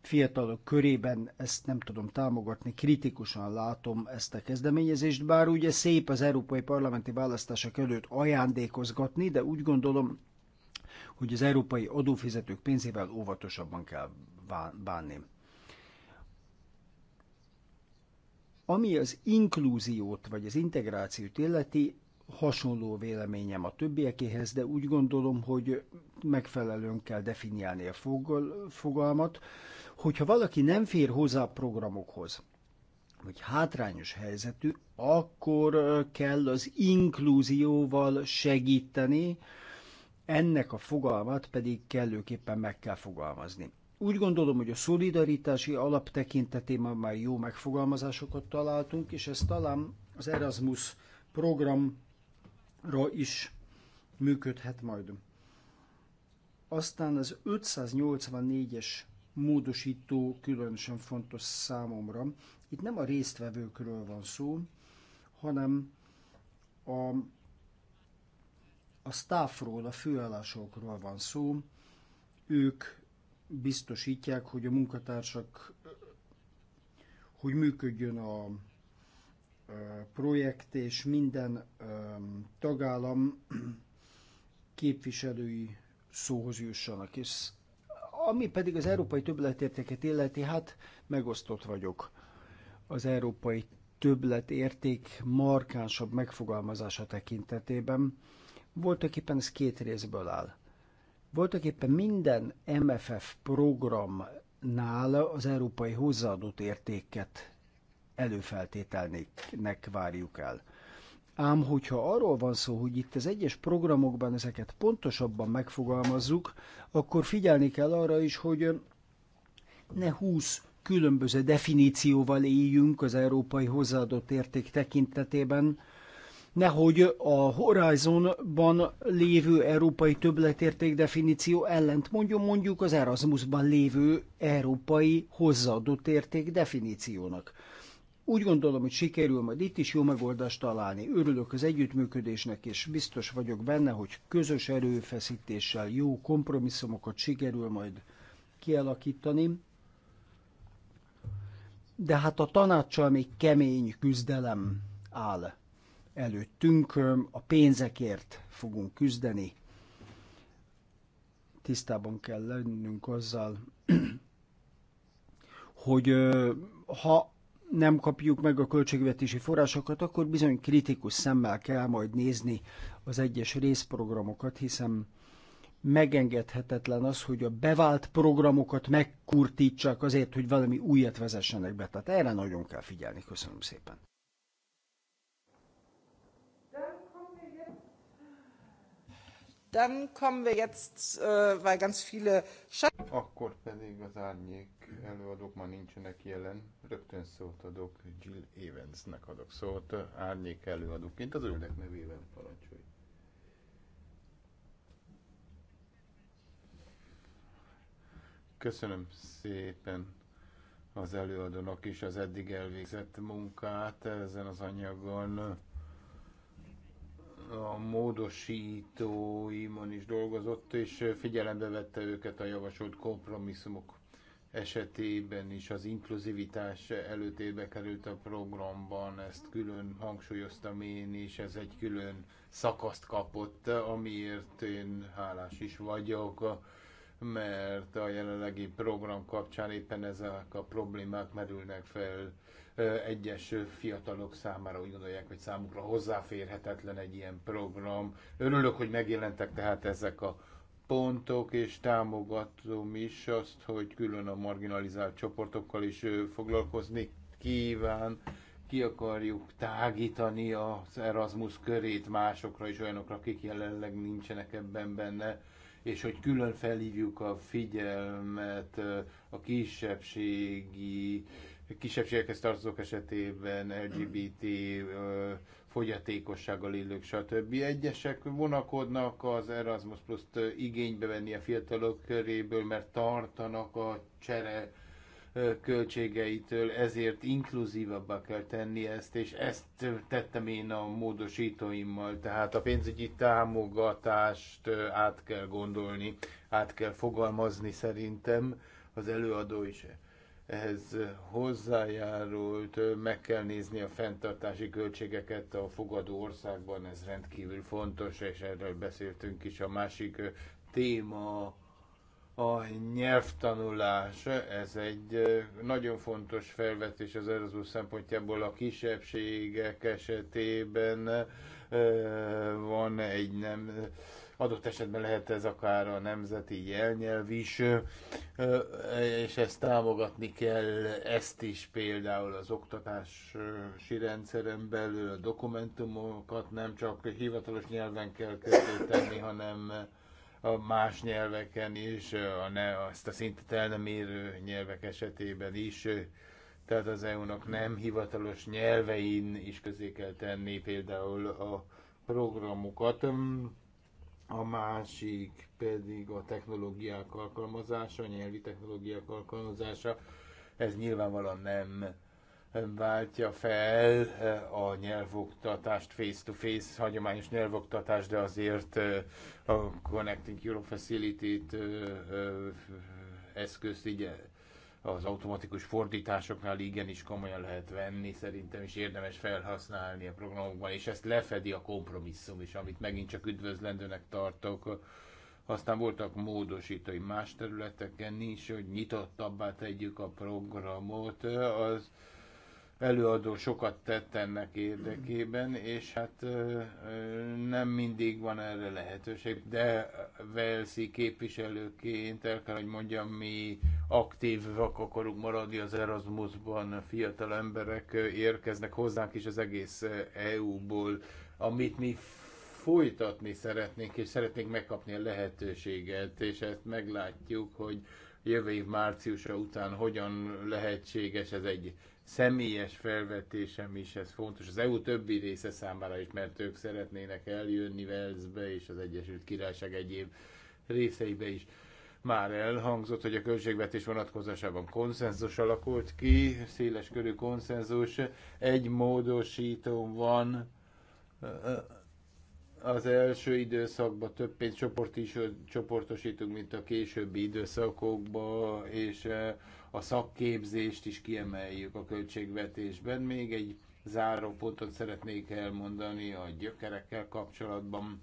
fiatalok körében, ezt nem tudom támogatni, kritikusan látom ezt a kezdeményezést, bár ugye szép az európai parlamenti választások előtt ajándékozgatni, de úgy gondolom hogy az európai adófizetők pénzével óvatosabban kell bánni. Ami az inklúziót vagy az integrációt illeti, hasonló véleményem a többiekéhez, de úgy gondolom, hogy megfelelően kell definiálni a fogalmat, hogyha valaki nem fér hozzá a programokhoz, vagy hátrányos helyzetű, akkor kell az inkluzióval segíteni, ennek a fogalmat pedig kellőképpen meg kell fogalmazni. Úgy gondolom, hogy a szolidaritási alap tekintetében már jó megfogalmazásokat találtunk, és ez talán az Erasmus programra is működhet majd. Aztán az 584-es módosító különösen fontos számomra. Itt nem a résztvevőkről van szó, hanem a a staffról, a főállásokról van szó. Ők biztosítják, hogy a munkatársak, hogy működjön a projekt, és minden tagállam képviselői szóhoz jussanak. És ami pedig az európai többletértéket illeti, hát megosztott vagyok. Az európai többletérték markánsabb megfogalmazása tekintetében voltak éppen ez két részből áll. Voltak éppen minden MFF programnál az európai hozzáadott értéket előfeltételnek várjuk el. Ám hogyha arról van szó, hogy itt az egyes programokban ezeket pontosabban megfogalmazzuk, akkor figyelni kell arra is, hogy ne 20 különböző definícióval éljünk az európai hozzáadott érték tekintetében, nehogy a Horizonban lévő európai többletérték definíció ellent mondjon mondjuk az Erasmusban lévő európai hozzáadott érték definíciónak. Úgy gondolom, hogy sikerül majd itt is jó megoldást találni. Örülök az együttműködésnek, és biztos vagyok benne, hogy közös erőfeszítéssel jó kompromisszumokat sikerül majd kialakítani. De hát a tanácsal még kemény küzdelem áll előttünk, a pénzekért fogunk küzdeni. Tisztában kell lennünk azzal, hogy ha nem kapjuk meg a költségvetési forrásokat, akkor bizony kritikus szemmel kell majd nézni az egyes részprogramokat, hiszen megengedhetetlen az, hogy a bevált programokat megkurtítsák azért, hogy valami újat vezessenek be. Tehát erre nagyon kell figyelni. Köszönöm szépen. Dann kommen wir jetzt, äh, weil ganz viele... Akkor pedig az árnyék előadók már nincsenek jelen. Rögtön szót adok Jill Evansnek adok szót árnyék előadóként az öldek nevében parancsolj. Köszönöm szépen az előadónak is az eddig elvégzett munkát ezen az anyagon a módosítóimon is dolgozott, és figyelembe vette őket a javasolt kompromisszumok esetében is az inkluzivitás előtébe került a programban, ezt külön hangsúlyoztam én is, ez egy külön szakaszt kapott, amiért én hálás is vagyok, mert a jelenlegi program kapcsán éppen ezek a problémák merülnek fel, egyes fiatalok számára úgy gondolják, hogy számukra hozzáférhetetlen egy ilyen program. Örülök, hogy megjelentek tehát ezek a pontok, és támogatom is azt, hogy külön a marginalizált csoportokkal is foglalkozni kíván. Ki akarjuk tágítani az Erasmus körét másokra is, olyanokra, akik jelenleg nincsenek ebben benne, és hogy külön felhívjuk a figyelmet a kisebbségi kisebbségekhez tartozók esetében, LGBT, fogyatékossággal élők, stb. Egyesek vonakodnak az Erasmus plus igénybe venni a fiatalok köréből, mert tartanak a csere költségeitől, ezért inkluzívabbá kell tenni ezt, és ezt tettem én a módosítóimmal, tehát a pénzügyi támogatást át kell gondolni, át kell fogalmazni szerintem, az előadó is ehhez hozzájárult, meg kell nézni a fenntartási költségeket a fogadó országban, ez rendkívül fontos, és erről beszéltünk is. A másik téma a nyelvtanulás, ez egy nagyon fontos felvetés az Erasmus szempontjából a kisebbségek esetében van egy nem adott esetben lehet ez akár a nemzeti jelnyelv is, és ezt támogatni kell, ezt is például az oktatási rendszeren belül, a dokumentumokat nem csak hivatalos nyelven kell tenni, hanem a más nyelveken is, a ne, azt a szintet el nem érő nyelvek esetében is, tehát az EU-nak nem hivatalos nyelvein is közé kell tenni például a programokat a másik pedig a technológiák alkalmazása, a nyelvi technológiák alkalmazása. Ez nyilvánvalóan nem váltja fel e, a nyelvoktatást, face-to-face -face, hagyományos nyelvoktatást, de azért e, a Connecting Europe Facility-t e, eszközt igye, az automatikus fordításoknál igenis komolyan lehet venni, szerintem is érdemes felhasználni a programokban, és ezt lefedi a kompromisszum is, amit megint csak üdvözlendőnek tartok. Aztán voltak módosítói más területeken is, hogy nyitottabbá tegyük a programot. Az előadó sokat tett ennek érdekében, és hát nem mindig van erre lehetőség, de Velszi képviselőként el kell, hogy mondjam, mi aktív vak akarunk maradni az Erasmusban, fiatal emberek érkeznek hozzánk is az egész EU-ból, amit mi folytatni szeretnénk, és szeretnénk megkapni a lehetőséget, és ezt meglátjuk, hogy jövő év márciusa után hogyan lehetséges ez egy személyes felvetésem is, ez fontos. Az EU többi része számára is, mert ők szeretnének eljönni Velszbe és az Egyesült Királyság egyéb részeibe is. Már elhangzott, hogy a költségvetés vonatkozásában konszenzus alakult ki, széles körű konszenzus, egy módosító van, az első időszakban több pénzt csoport is, csoportosítunk, mint a későbbi időszakokban, és e, a szakképzést is kiemeljük a költségvetésben. Még egy záró pontot szeretnék elmondani a gyökerekkel kapcsolatban.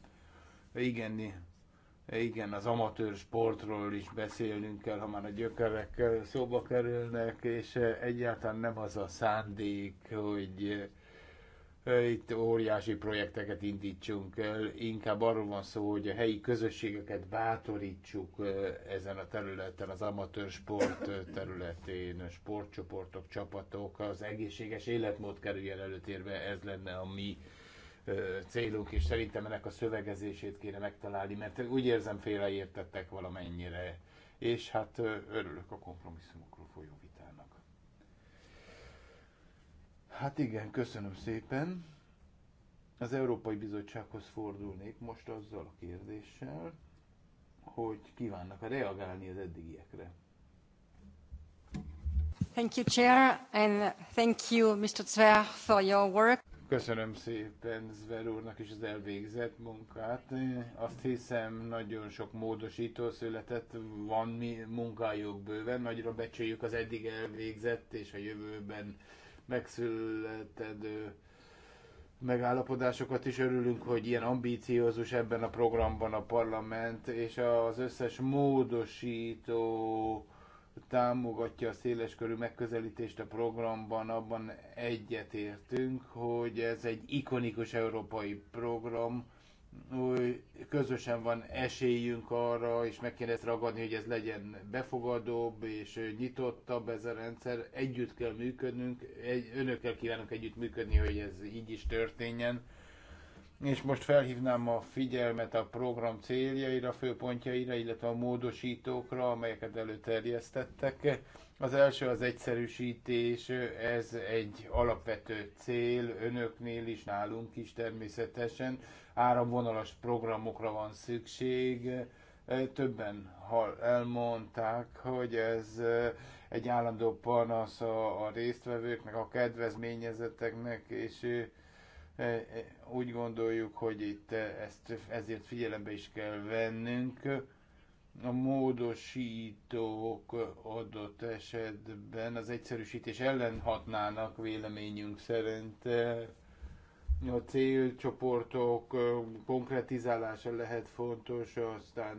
Igen, igen, az amatőr sportról is beszélnünk kell, ha már a gyökerek szóba kerülnek, és eh, egyáltalán nem az a szándék, hogy eh, itt óriási projekteket indítsunk el, inkább arról van szó, hogy a helyi közösségeket bátorítsuk eh, ezen a területen, az amatőr sport területén, sportcsoportok, csapatok, az egészséges életmód kerüljen előtérbe, ez lenne a mi céluk, és szerintem ennek a szövegezését kéne megtalálni, mert úgy érzem félreértettek valamennyire, és hát örülök a kompromisszumokról folyó vitának. Hát igen, köszönöm szépen. Az Európai Bizottsághoz fordulnék most azzal a kérdéssel, hogy kívánnak-e reagálni az eddigiekre. Thank you, Chair, and thank you, Mr. Zwer, for your work. Köszönöm szépen Zver úrnak is az elvégzett munkát. Azt hiszem, nagyon sok módosító született, van mi munkájuk bőven, nagyra becsüljük az eddig elvégzett és a jövőben megszületedő megállapodásokat is örülünk, hogy ilyen ambíciózus ebben a programban a parlament, és az összes módosító támogatja a széleskörű megközelítést a programban, abban egyetértünk, hogy ez egy ikonikus európai program, hogy közösen van esélyünk arra, és meg kéne ezt ragadni, hogy ez legyen befogadóbb és nyitottabb ez a rendszer. Együtt kell működnünk, egy, önökkel kívánunk együtt működni, hogy ez így is történjen és most felhívnám a figyelmet a program céljaira, főpontjaira, illetve a módosítókra, amelyeket előterjesztettek. Az első az egyszerűsítés, ez egy alapvető cél, önöknél is, nálunk is természetesen. Áramvonalas programokra van szükség. Többen elmondták, hogy ez egy állandó panasz a résztvevőknek, a kedvezményezeteknek, és E, e, úgy gondoljuk, hogy itt e, ezt, ezért figyelembe is kell vennünk. A módosítók adott esetben az egyszerűsítés ellen hatnának véleményünk szerint a célcsoportok konkretizálása lehet fontos, aztán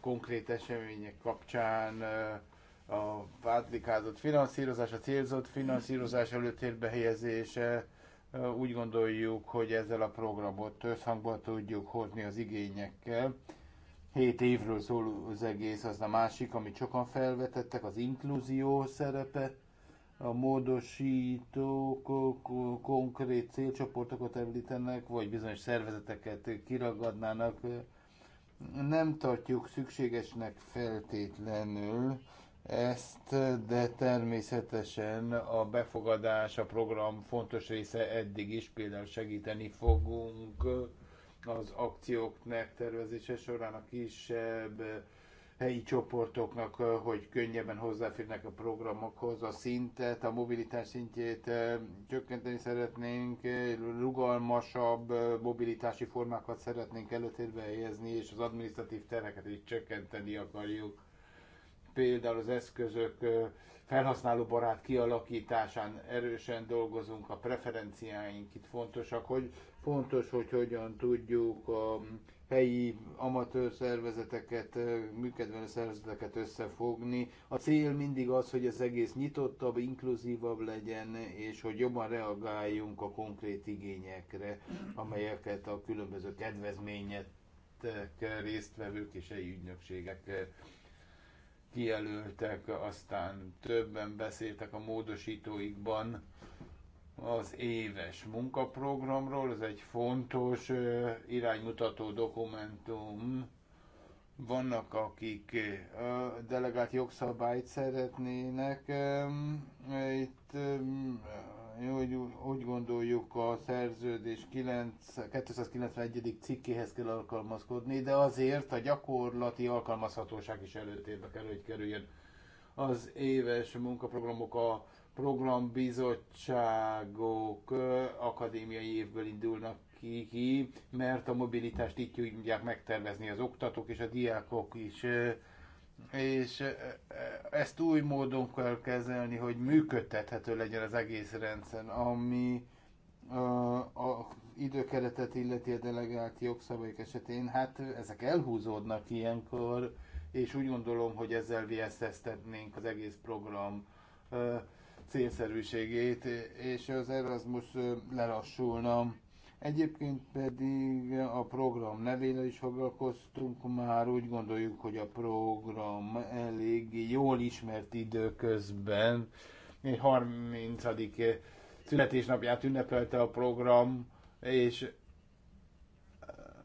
konkrét események kapcsán a vádlikázott finanszírozás, a célzott finanszírozás előtérbe helyezése, úgy gondoljuk, hogy ezzel a programot összhangba tudjuk hozni az igényekkel. 7 évről szól az egész, az a másik, amit sokan felvetettek, az inkluzió szerepe, a módosítók konkrét célcsoportokat említenek, vagy bizonyos szervezeteket kiragadnának. Nem tartjuk szükségesnek feltétlenül ezt, de természetesen a befogadás, a program fontos része eddig is, például segíteni fogunk az akciók megtervezése során a kisebb helyi csoportoknak, hogy könnyebben hozzáférnek a programokhoz, a szintet, a mobilitás szintjét csökkenteni szeretnénk, rugalmasabb mobilitási formákat szeretnénk előtérbe helyezni, és az administratív terheket is csökkenteni akarjuk például az eszközök felhasználóbarát kialakításán erősen dolgozunk, a preferenciáink itt fontosak, hogy fontos, hogy hogyan tudjuk a helyi amatőr szervezeteket, működő szervezeteket összefogni. A cél mindig az, hogy az egész nyitottabb, inkluzívabb legyen, és hogy jobban reagáljunk a konkrét igényekre, amelyeket a különböző kedvezményet résztvevők és helyi ügynökségek kijelöltek, aztán többen beszéltek a módosítóikban az éves munkaprogramról, ez egy fontos iránymutató dokumentum. Vannak, akik delegált jogszabályt szeretnének, itt hogy úgy gondoljuk a szerződés 9, 291. cikkéhez kell alkalmazkodni, de azért a gyakorlati alkalmazhatóság is előtérbe kell, hogy kerüljön. Az éves munkaprogramok a programbizottságok akadémiai évből indulnak ki, ki mert a mobilitást így tudják megtervezni az oktatók és a diákok is és ezt új módon kell kezelni, hogy működtethető legyen az egész rendszer, ami a, a időkeretet illeti a delegált jogszabályok esetén, hát ezek elhúzódnak ilyenkor, és úgy gondolom, hogy ezzel viesztesztetnénk az egész program célszerűségét, és az Erasmus lelassulna Egyébként pedig a program nevével is foglalkoztunk már, úgy gondoljuk, hogy a program elég jól ismert időközben. Egy 30. születésnapját ünnepelte a program, és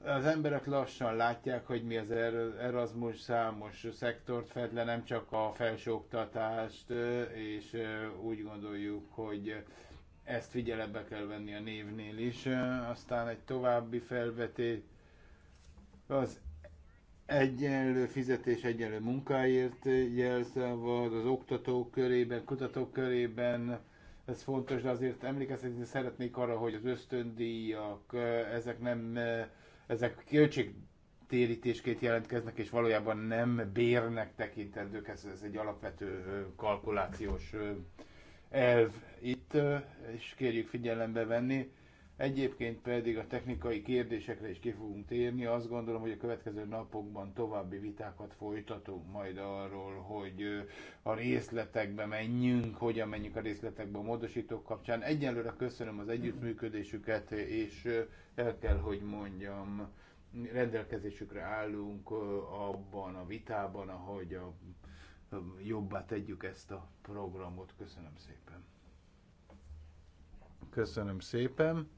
az emberek lassan látják, hogy mi az er-, Erasmus számos szektort fed le, nem csak a felsőoktatást, és úgy gondoljuk, hogy ezt figyelembe kell venni a névnél is. Aztán egy további felvetés az egyenlő fizetés, egyenlő munkáért jelszával, az oktatók körében, kutatók körében, ez fontos, de azért emlékeztetni szeretnék arra, hogy az ösztöndíjak, ezek nem, ezek költségtérítésként jelentkeznek, és valójában nem bérnek tekintendők, ez, ez egy alapvető kalkulációs elv itt, és kérjük figyelembe venni. Egyébként pedig a technikai kérdésekre is ki fogunk térni. Azt gondolom, hogy a következő napokban további vitákat folytatunk majd arról, hogy a részletekbe menjünk, hogyan menjünk a részletekbe a módosítók kapcsán. Egyelőre köszönöm az együttműködésüket, és el kell, hogy mondjam, rendelkezésükre állunk abban a vitában, ahogy a jobbá tegyük ezt a programot. Köszönöm szépen. Köszönöm szépen.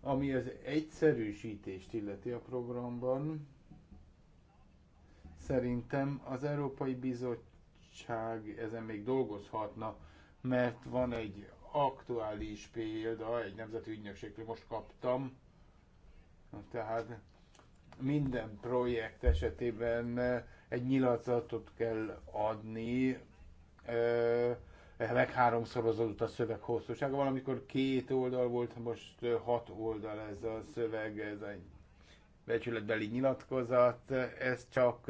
Ami az egyszerűsítést illeti a programban, szerintem az Európai Bizottság ezen még dolgozhatna, mert van egy aktuális példa, egy nemzeti ügynökségről most kaptam, tehát minden projekt esetében egy nyilatot kell adni, meg háromszorozódott a szöveg hosszúsága. Valamikor két oldal volt, most hat oldal ez a szöveg, ez egy becsületbeli nyilatkozat, ez csak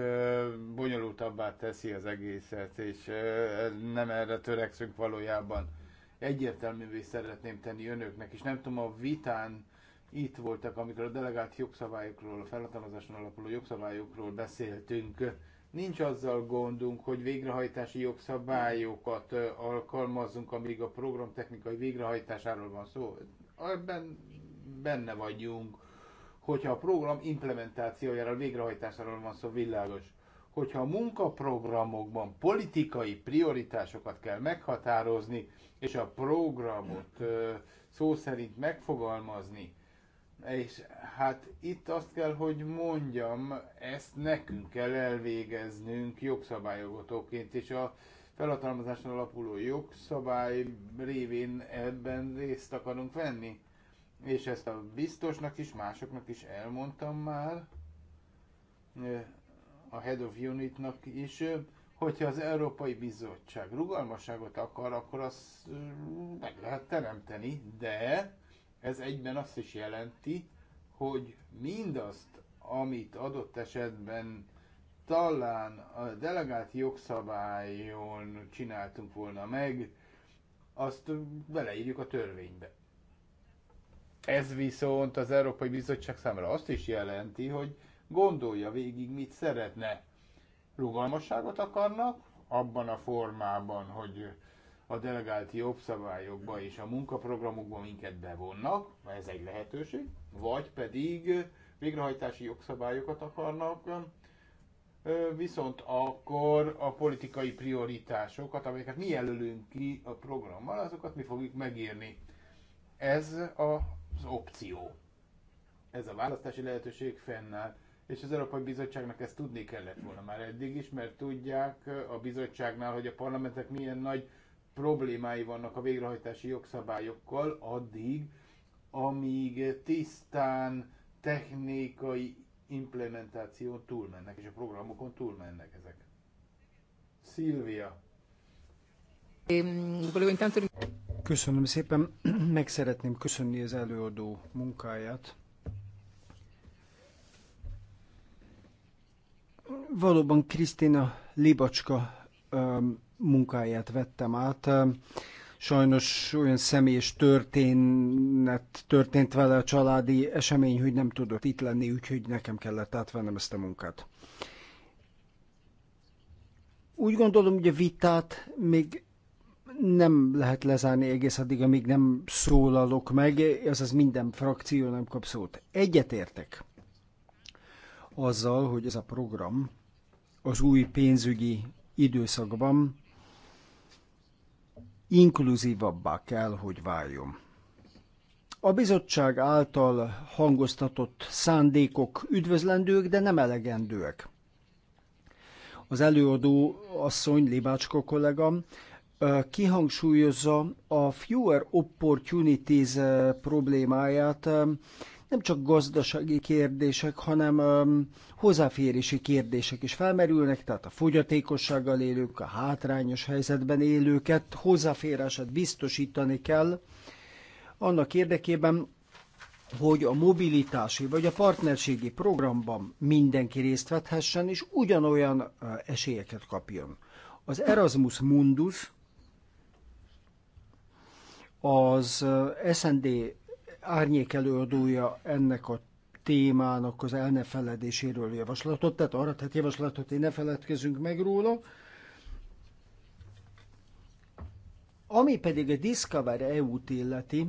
bonyolultabbá teszi az egészet, és nem erre törekszünk valójában. Egyértelművé szeretném tenni önöknek, és nem tudom, a vitán itt voltak, amikor a delegált jogszabályokról, a felhatalmazáson alapuló jogszabályokról beszéltünk. Nincs azzal gondunk, hogy végrehajtási jogszabályokat alkalmazzunk, amíg a program technikai végrehajtásáról van szó. Ebben benne vagyunk. Hogyha a program implementációjáról, végrehajtásáról van szó, világos. Hogyha a munkaprogramokban politikai prioritásokat kell meghatározni, és a programot szó szerint megfogalmazni, és hát itt azt kell, hogy mondjam, ezt nekünk kell elvégeznünk jogszabályogatóként, és a felhatalmazáson alapuló jogszabály révén ebben részt akarunk venni. És ezt a biztosnak is, másoknak is elmondtam már, a Head of Unitnak is, hogyha az Európai Bizottság rugalmasságot akar, akkor azt meg lehet teremteni, de ez egyben azt is jelenti, hogy mindazt, amit adott esetben talán a delegált jogszabályon csináltunk volna meg, azt beleírjuk a törvénybe. Ez viszont az Európai Bizottság számára azt is jelenti, hogy gondolja végig, mit szeretne. Rugalmasságot akarnak, abban a formában, hogy a delegált jogszabályokba és a munkaprogramokba minket bevonnak, ez egy lehetőség, vagy pedig végrehajtási jogszabályokat akarnak, viszont akkor a politikai prioritásokat, amelyeket mi jelölünk ki a programmal, azokat mi fogjuk megírni. Ez az opció. Ez a választási lehetőség fennáll és az Európai Bizottságnak ezt tudni kellett volna már eddig is, mert tudják a bizottságnál, hogy a parlamentek milyen nagy problémái vannak a végrehajtási jogszabályokkal addig, amíg tisztán technikai implementáción túlmennek, és a programokon túlmennek ezek. Szilvia. Köszönöm szépen, meg szeretném köszönni az előadó munkáját. Valóban Krisztina Libacska um, munkáját vettem át. Sajnos olyan személyes történet történt vele a családi esemény, hogy nem tudott itt lenni, úgyhogy nekem kellett átvennem ezt a munkát. Úgy gondolom, hogy a vitát még nem lehet lezárni egész addig, amíg nem szólalok meg, azaz minden frakció nem kap szót. Egyetértek azzal, hogy ez a program az új pénzügyi időszakban inkluzívabbá kell, hogy váljon. A bizottság által hangoztatott szándékok üdvözlendők, de nem elegendőek. Az előadó asszony, Libácska kollega, kihangsúlyozza a fewer opportunities problémáját, nem csak gazdasági kérdések, hanem um, hozzáférési kérdések is felmerülnek, tehát a fogyatékossággal élők, a hátrányos helyzetben élőket hozzáférását biztosítani kell, annak érdekében, hogy a mobilitási vagy a partnerségi programban mindenki részt vethessen, és ugyanolyan esélyeket kapjon. Az Erasmus Mundus az SND árnyékelőadója ennek a témának az el ne feledéséről javaslatot, tehát arra tett javaslatot, hogy ne feledkezzünk meg róla. Ami pedig a Discover EU-t illeti,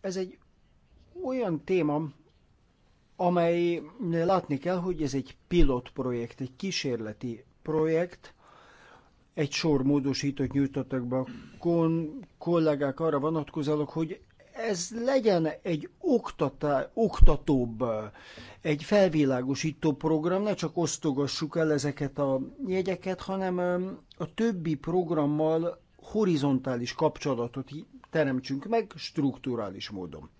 ez egy olyan téma, amely látni kell, hogy ez egy pilotprojekt, egy kísérleti projekt, egy sor módosítót nyújtottak be a kon kollégák arra vonatkozólag, hogy ez legyen egy oktatá, oktatóbb, egy felvilágosító program, ne csak osztogassuk el ezeket a jegyeket, hanem a többi programmal horizontális kapcsolatot teremtsünk meg strukturális módon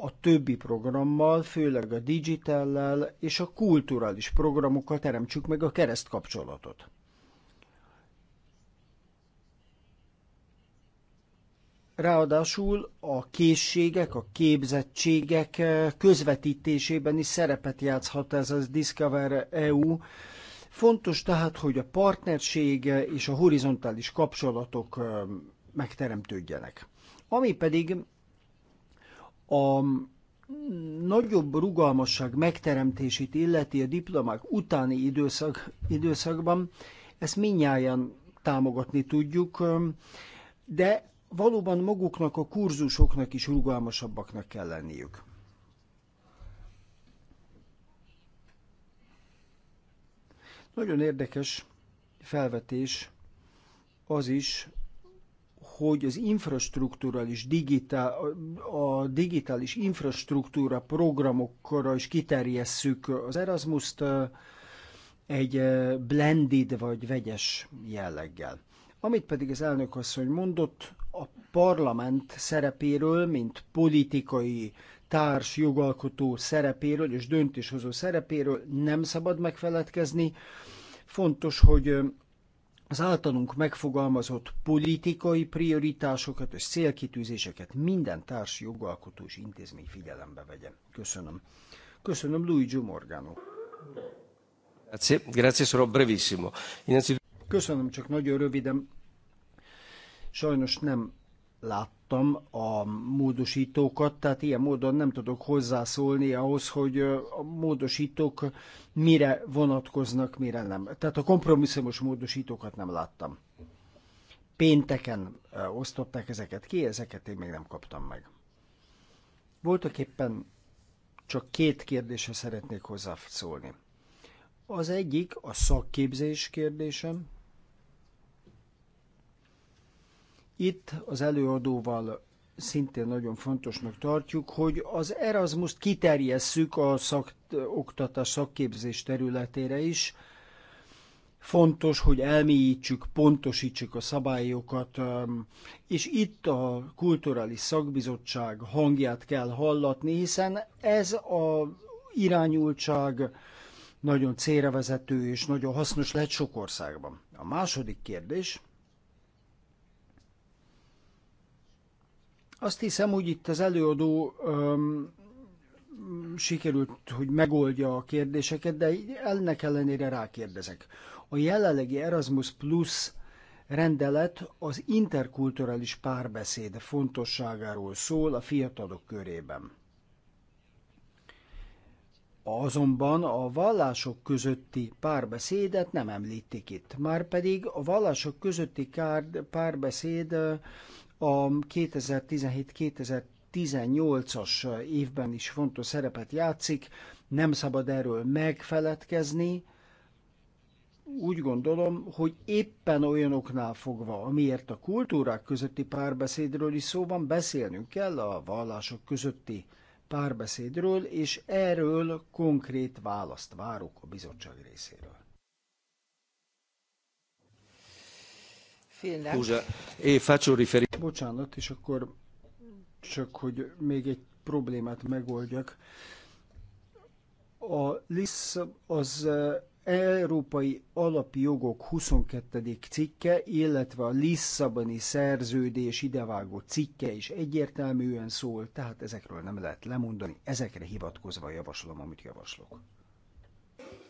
a többi programmal, főleg a digitellel és a kulturális programokkal teremtsük meg a keresztkapcsolatot. Ráadásul a készségek, a képzettségek eh, közvetítésében is szerepet játszhat ez az Discover EU. Fontos tehát, hogy a partnerség és a horizontális kapcsolatok eh, megteremtődjenek. Ami pedig a nagyobb rugalmasság megteremtését illeti a diplomák utáni időszak, időszakban, ezt minnyáján támogatni tudjuk, de valóban maguknak a kurzusoknak is rugalmasabbaknak kell lenniük. Nagyon érdekes felvetés az is, hogy az infrastruktúrális digitál, a digitális infrastruktúra programokra is kiterjesszük az erasmus egy blended vagy vegyes jelleggel. Amit pedig az elnök asszony mondott, a parlament szerepéről, mint politikai társ jogalkotó szerepéről és döntéshozó szerepéről nem szabad megfeledkezni. Fontos, hogy az általunk megfogalmazott politikai prioritásokat és célkitűzéseket minden társ jogalkotós intézmény figyelembe vegye. Köszönöm. Köszönöm Luigi Morgano. Grazie, grazie, sarò brevissimo. Köszönöm, csak nagyon röviden. Sajnos nem láttam a módosítókat, tehát ilyen módon nem tudok hozzászólni ahhoz, hogy a módosítók mire vonatkoznak, mire nem. Tehát a kompromisszumos módosítókat nem láttam. Pénteken osztották ezeket ki, ezeket én még nem kaptam meg. Voltak éppen csak két kérdésre szeretnék hozzászólni. Az egyik a szakképzés kérdésem, Itt az előadóval szintén nagyon fontosnak tartjuk, hogy az erasmus kiterjesszük a szak, oktatás szakképzés területére is. Fontos, hogy elmélyítsük, pontosítsuk a szabályokat, és itt a Kulturális Szakbizottság hangját kell hallatni, hiszen ez a irányultság nagyon célrevezető és nagyon hasznos lehet sok országban. A második kérdés – Azt hiszem, hogy itt az előadó öm, sikerült, hogy megoldja a kérdéseket, de ennek ellenére rákérdezek. A jelenlegi Erasmus Plus rendelet az interkulturális párbeszéd fontosságáról szól a fiatalok körében. Azonban a vallások közötti párbeszédet nem említik itt. Márpedig a vallások közötti párbeszéd a 2017-2018-as évben is fontos szerepet játszik, nem szabad erről megfeledkezni, úgy gondolom, hogy éppen olyanoknál fogva, amiért a kultúrák közötti párbeszédről is szóban beszélnünk kell a vallások közötti párbeszédről, és erről konkrét választ várok a bizottság részéről. Scusa, e Bocsánat, és akkor csak, hogy még egy problémát megoldjak. A LISZ az eh, Európai Alapjogok 22. cikke, illetve a Lisszaboni szerződés idevágó cikke is egyértelműen szól, tehát ezekről nem lehet lemondani, ezekre hivatkozva javaslom, amit javaslok.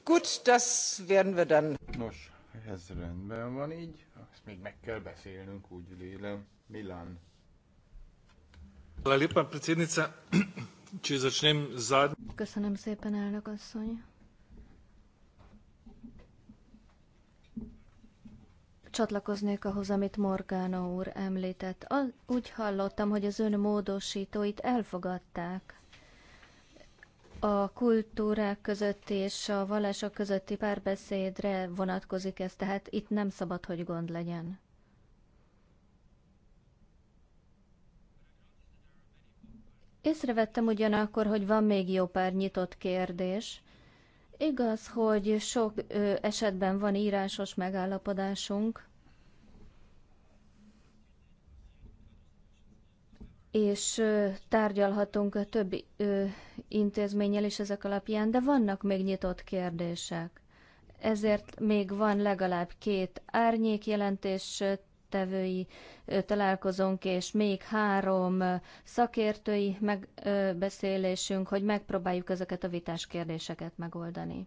Gut, das werden wir dann. Nos, ez rendben van így, azt még meg kell beszélnünk, úgy lélem? Milan. Köszönöm szépen, elnök asszony. Csatlakoznék ahhoz, amit Morgana úr említett. Úgy hallottam, hogy az ön módosítóit elfogadták a kultúrák közötti és a vallások közötti párbeszédre vonatkozik ez, tehát itt nem szabad, hogy gond legyen. Észrevettem ugyanakkor, hogy van még jó pár nyitott kérdés. Igaz, hogy sok ö, esetben van írásos megállapodásunk, és ö, tárgyalhatunk a többi ö, intézménnyel is ezek alapján, de vannak még nyitott kérdések. Ezért még van legalább két árnyék jelentés tevői találkozónk, és még három szakértői megbeszélésünk, hogy megpróbáljuk ezeket a vitás kérdéseket megoldani.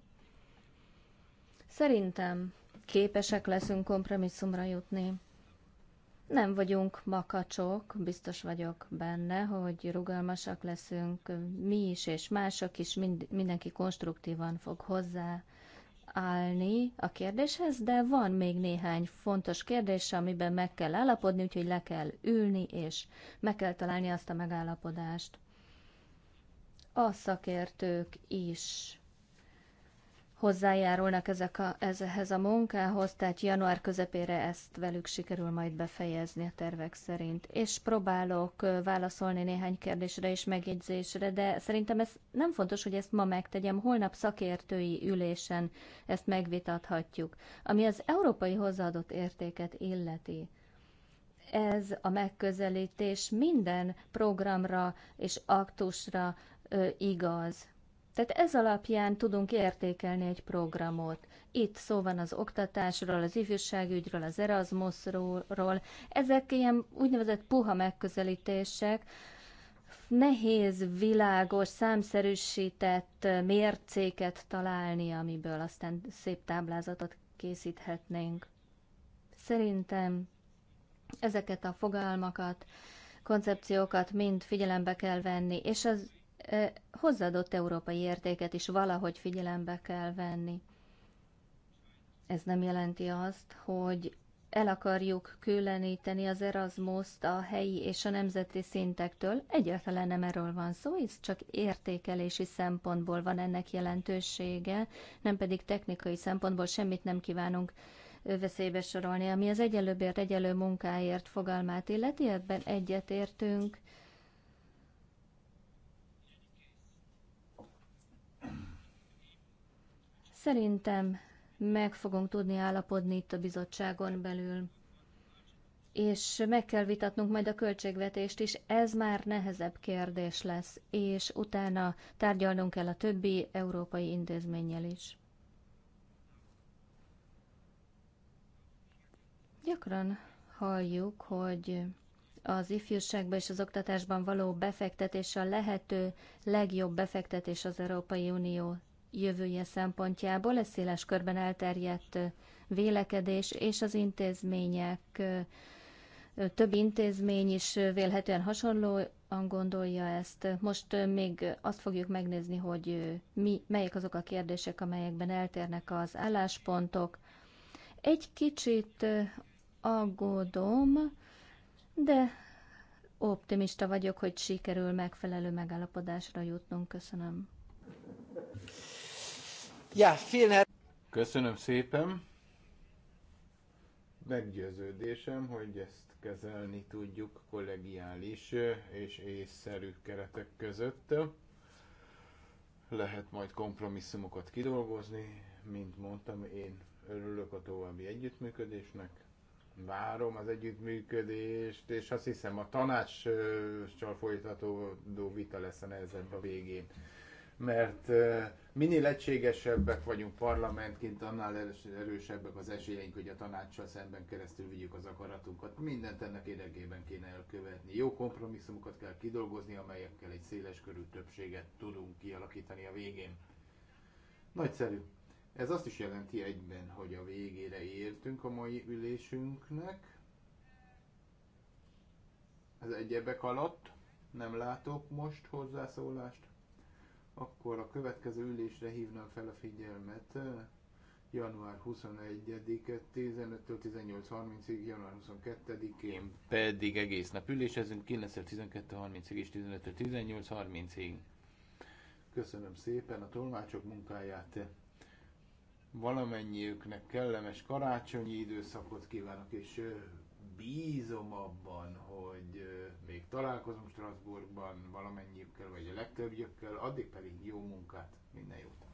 Szerintem képesek leszünk kompromisszumra jutni. Nem vagyunk makacsok, biztos vagyok benne, hogy rugalmasak leszünk mi is, és mások is, mind, mindenki konstruktívan fog hozzá állni a kérdéshez, de van még néhány fontos kérdés, amiben meg kell állapodni, úgyhogy le kell ülni, és meg kell találni azt a megállapodást. A szakértők is hozzájárulnak ezek a, ezhez a munkához, tehát január közepére ezt velük sikerül majd befejezni a tervek szerint. És próbálok válaszolni néhány kérdésre és megjegyzésre, de szerintem ez nem fontos, hogy ezt ma megtegyem, holnap szakértői ülésen ezt megvitathatjuk. Ami az európai hozzáadott értéket illeti, ez a megközelítés minden programra és aktusra ö, igaz tehát ez alapján tudunk értékelni egy programot. Itt szó van az oktatásról, az ifjúságügyről, az Erasmusról. Ezek ilyen úgynevezett puha megközelítések, nehéz, világos, számszerűsített mércéket találni, amiből aztán szép táblázatot készíthetnénk. Szerintem ezeket a fogalmakat, koncepciókat mind figyelembe kell venni, és az hozzáadott európai értéket is valahogy figyelembe kell venni. Ez nem jelenti azt, hogy el akarjuk különíteni az Erasmus-t a helyi és a nemzeti szintektől. Egyáltalán nem erről van szó, ez csak értékelési szempontból van ennek jelentősége, nem pedig technikai szempontból semmit nem kívánunk veszélybe sorolni. Ami az egyenlőbért, egyelő munkáért fogalmát illeti, ebben egyetértünk, Szerintem meg fogunk tudni állapodni itt a bizottságon belül, és meg kell vitatnunk majd a költségvetést is, ez már nehezebb kérdés lesz, és utána tárgyalnunk kell a többi európai intézménnyel is. Gyakran halljuk, hogy az ifjúságban és az oktatásban való befektetés a lehető legjobb befektetés az Európai Unió jövője szempontjából. Ez széles körben elterjedt vélekedés, és az intézmények, több intézmény is vélhetően hasonlóan gondolja ezt. Most még azt fogjuk megnézni, hogy mi, melyek azok a kérdések, amelyekben eltérnek az álláspontok. Egy kicsit aggódom, de optimista vagyok, hogy sikerül megfelelő megállapodásra jutnunk. Köszönöm. Ja, Köszönöm szépen. Meggyőződésem, hogy ezt kezelni tudjuk kollegiális és észszerű keretek között. Lehet majd kompromisszumokat kidolgozni, mint mondtam, én örülök a további együttműködésnek, várom az együttműködést, és azt hiszem a tanácssal folytató vita lesz a nehezebb a végén mert minél egységesebbek vagyunk parlamentként, annál erősebbek az esélyeink, hogy a tanácssal szemben keresztül vigyük az akaratunkat. Mindent ennek érdekében kéne elkövetni. Jó kompromisszumokat kell kidolgozni, amelyekkel egy széles körű többséget tudunk kialakítani a végén. Nagyszerű. Ez azt is jelenti egyben, hogy a végére értünk a mai ülésünknek. Az egyebek alatt nem látok most hozzászólást akkor a következő ülésre hívnám fel a figyelmet január 21-et 15-től 18.30-ig, január 22-én pedig egész nap ülésezünk 9-12.30-ig és 15-től 18.30-ig. Köszönöm szépen a tolmácsok munkáját. Valamennyiüknek kellemes karácsonyi időszakot kívánok, és bízom abban, hogy találkozom Strasbourgban valamennyiükkel, vagy a legtöbbjükkel, addig pedig jó munkát, minden jót!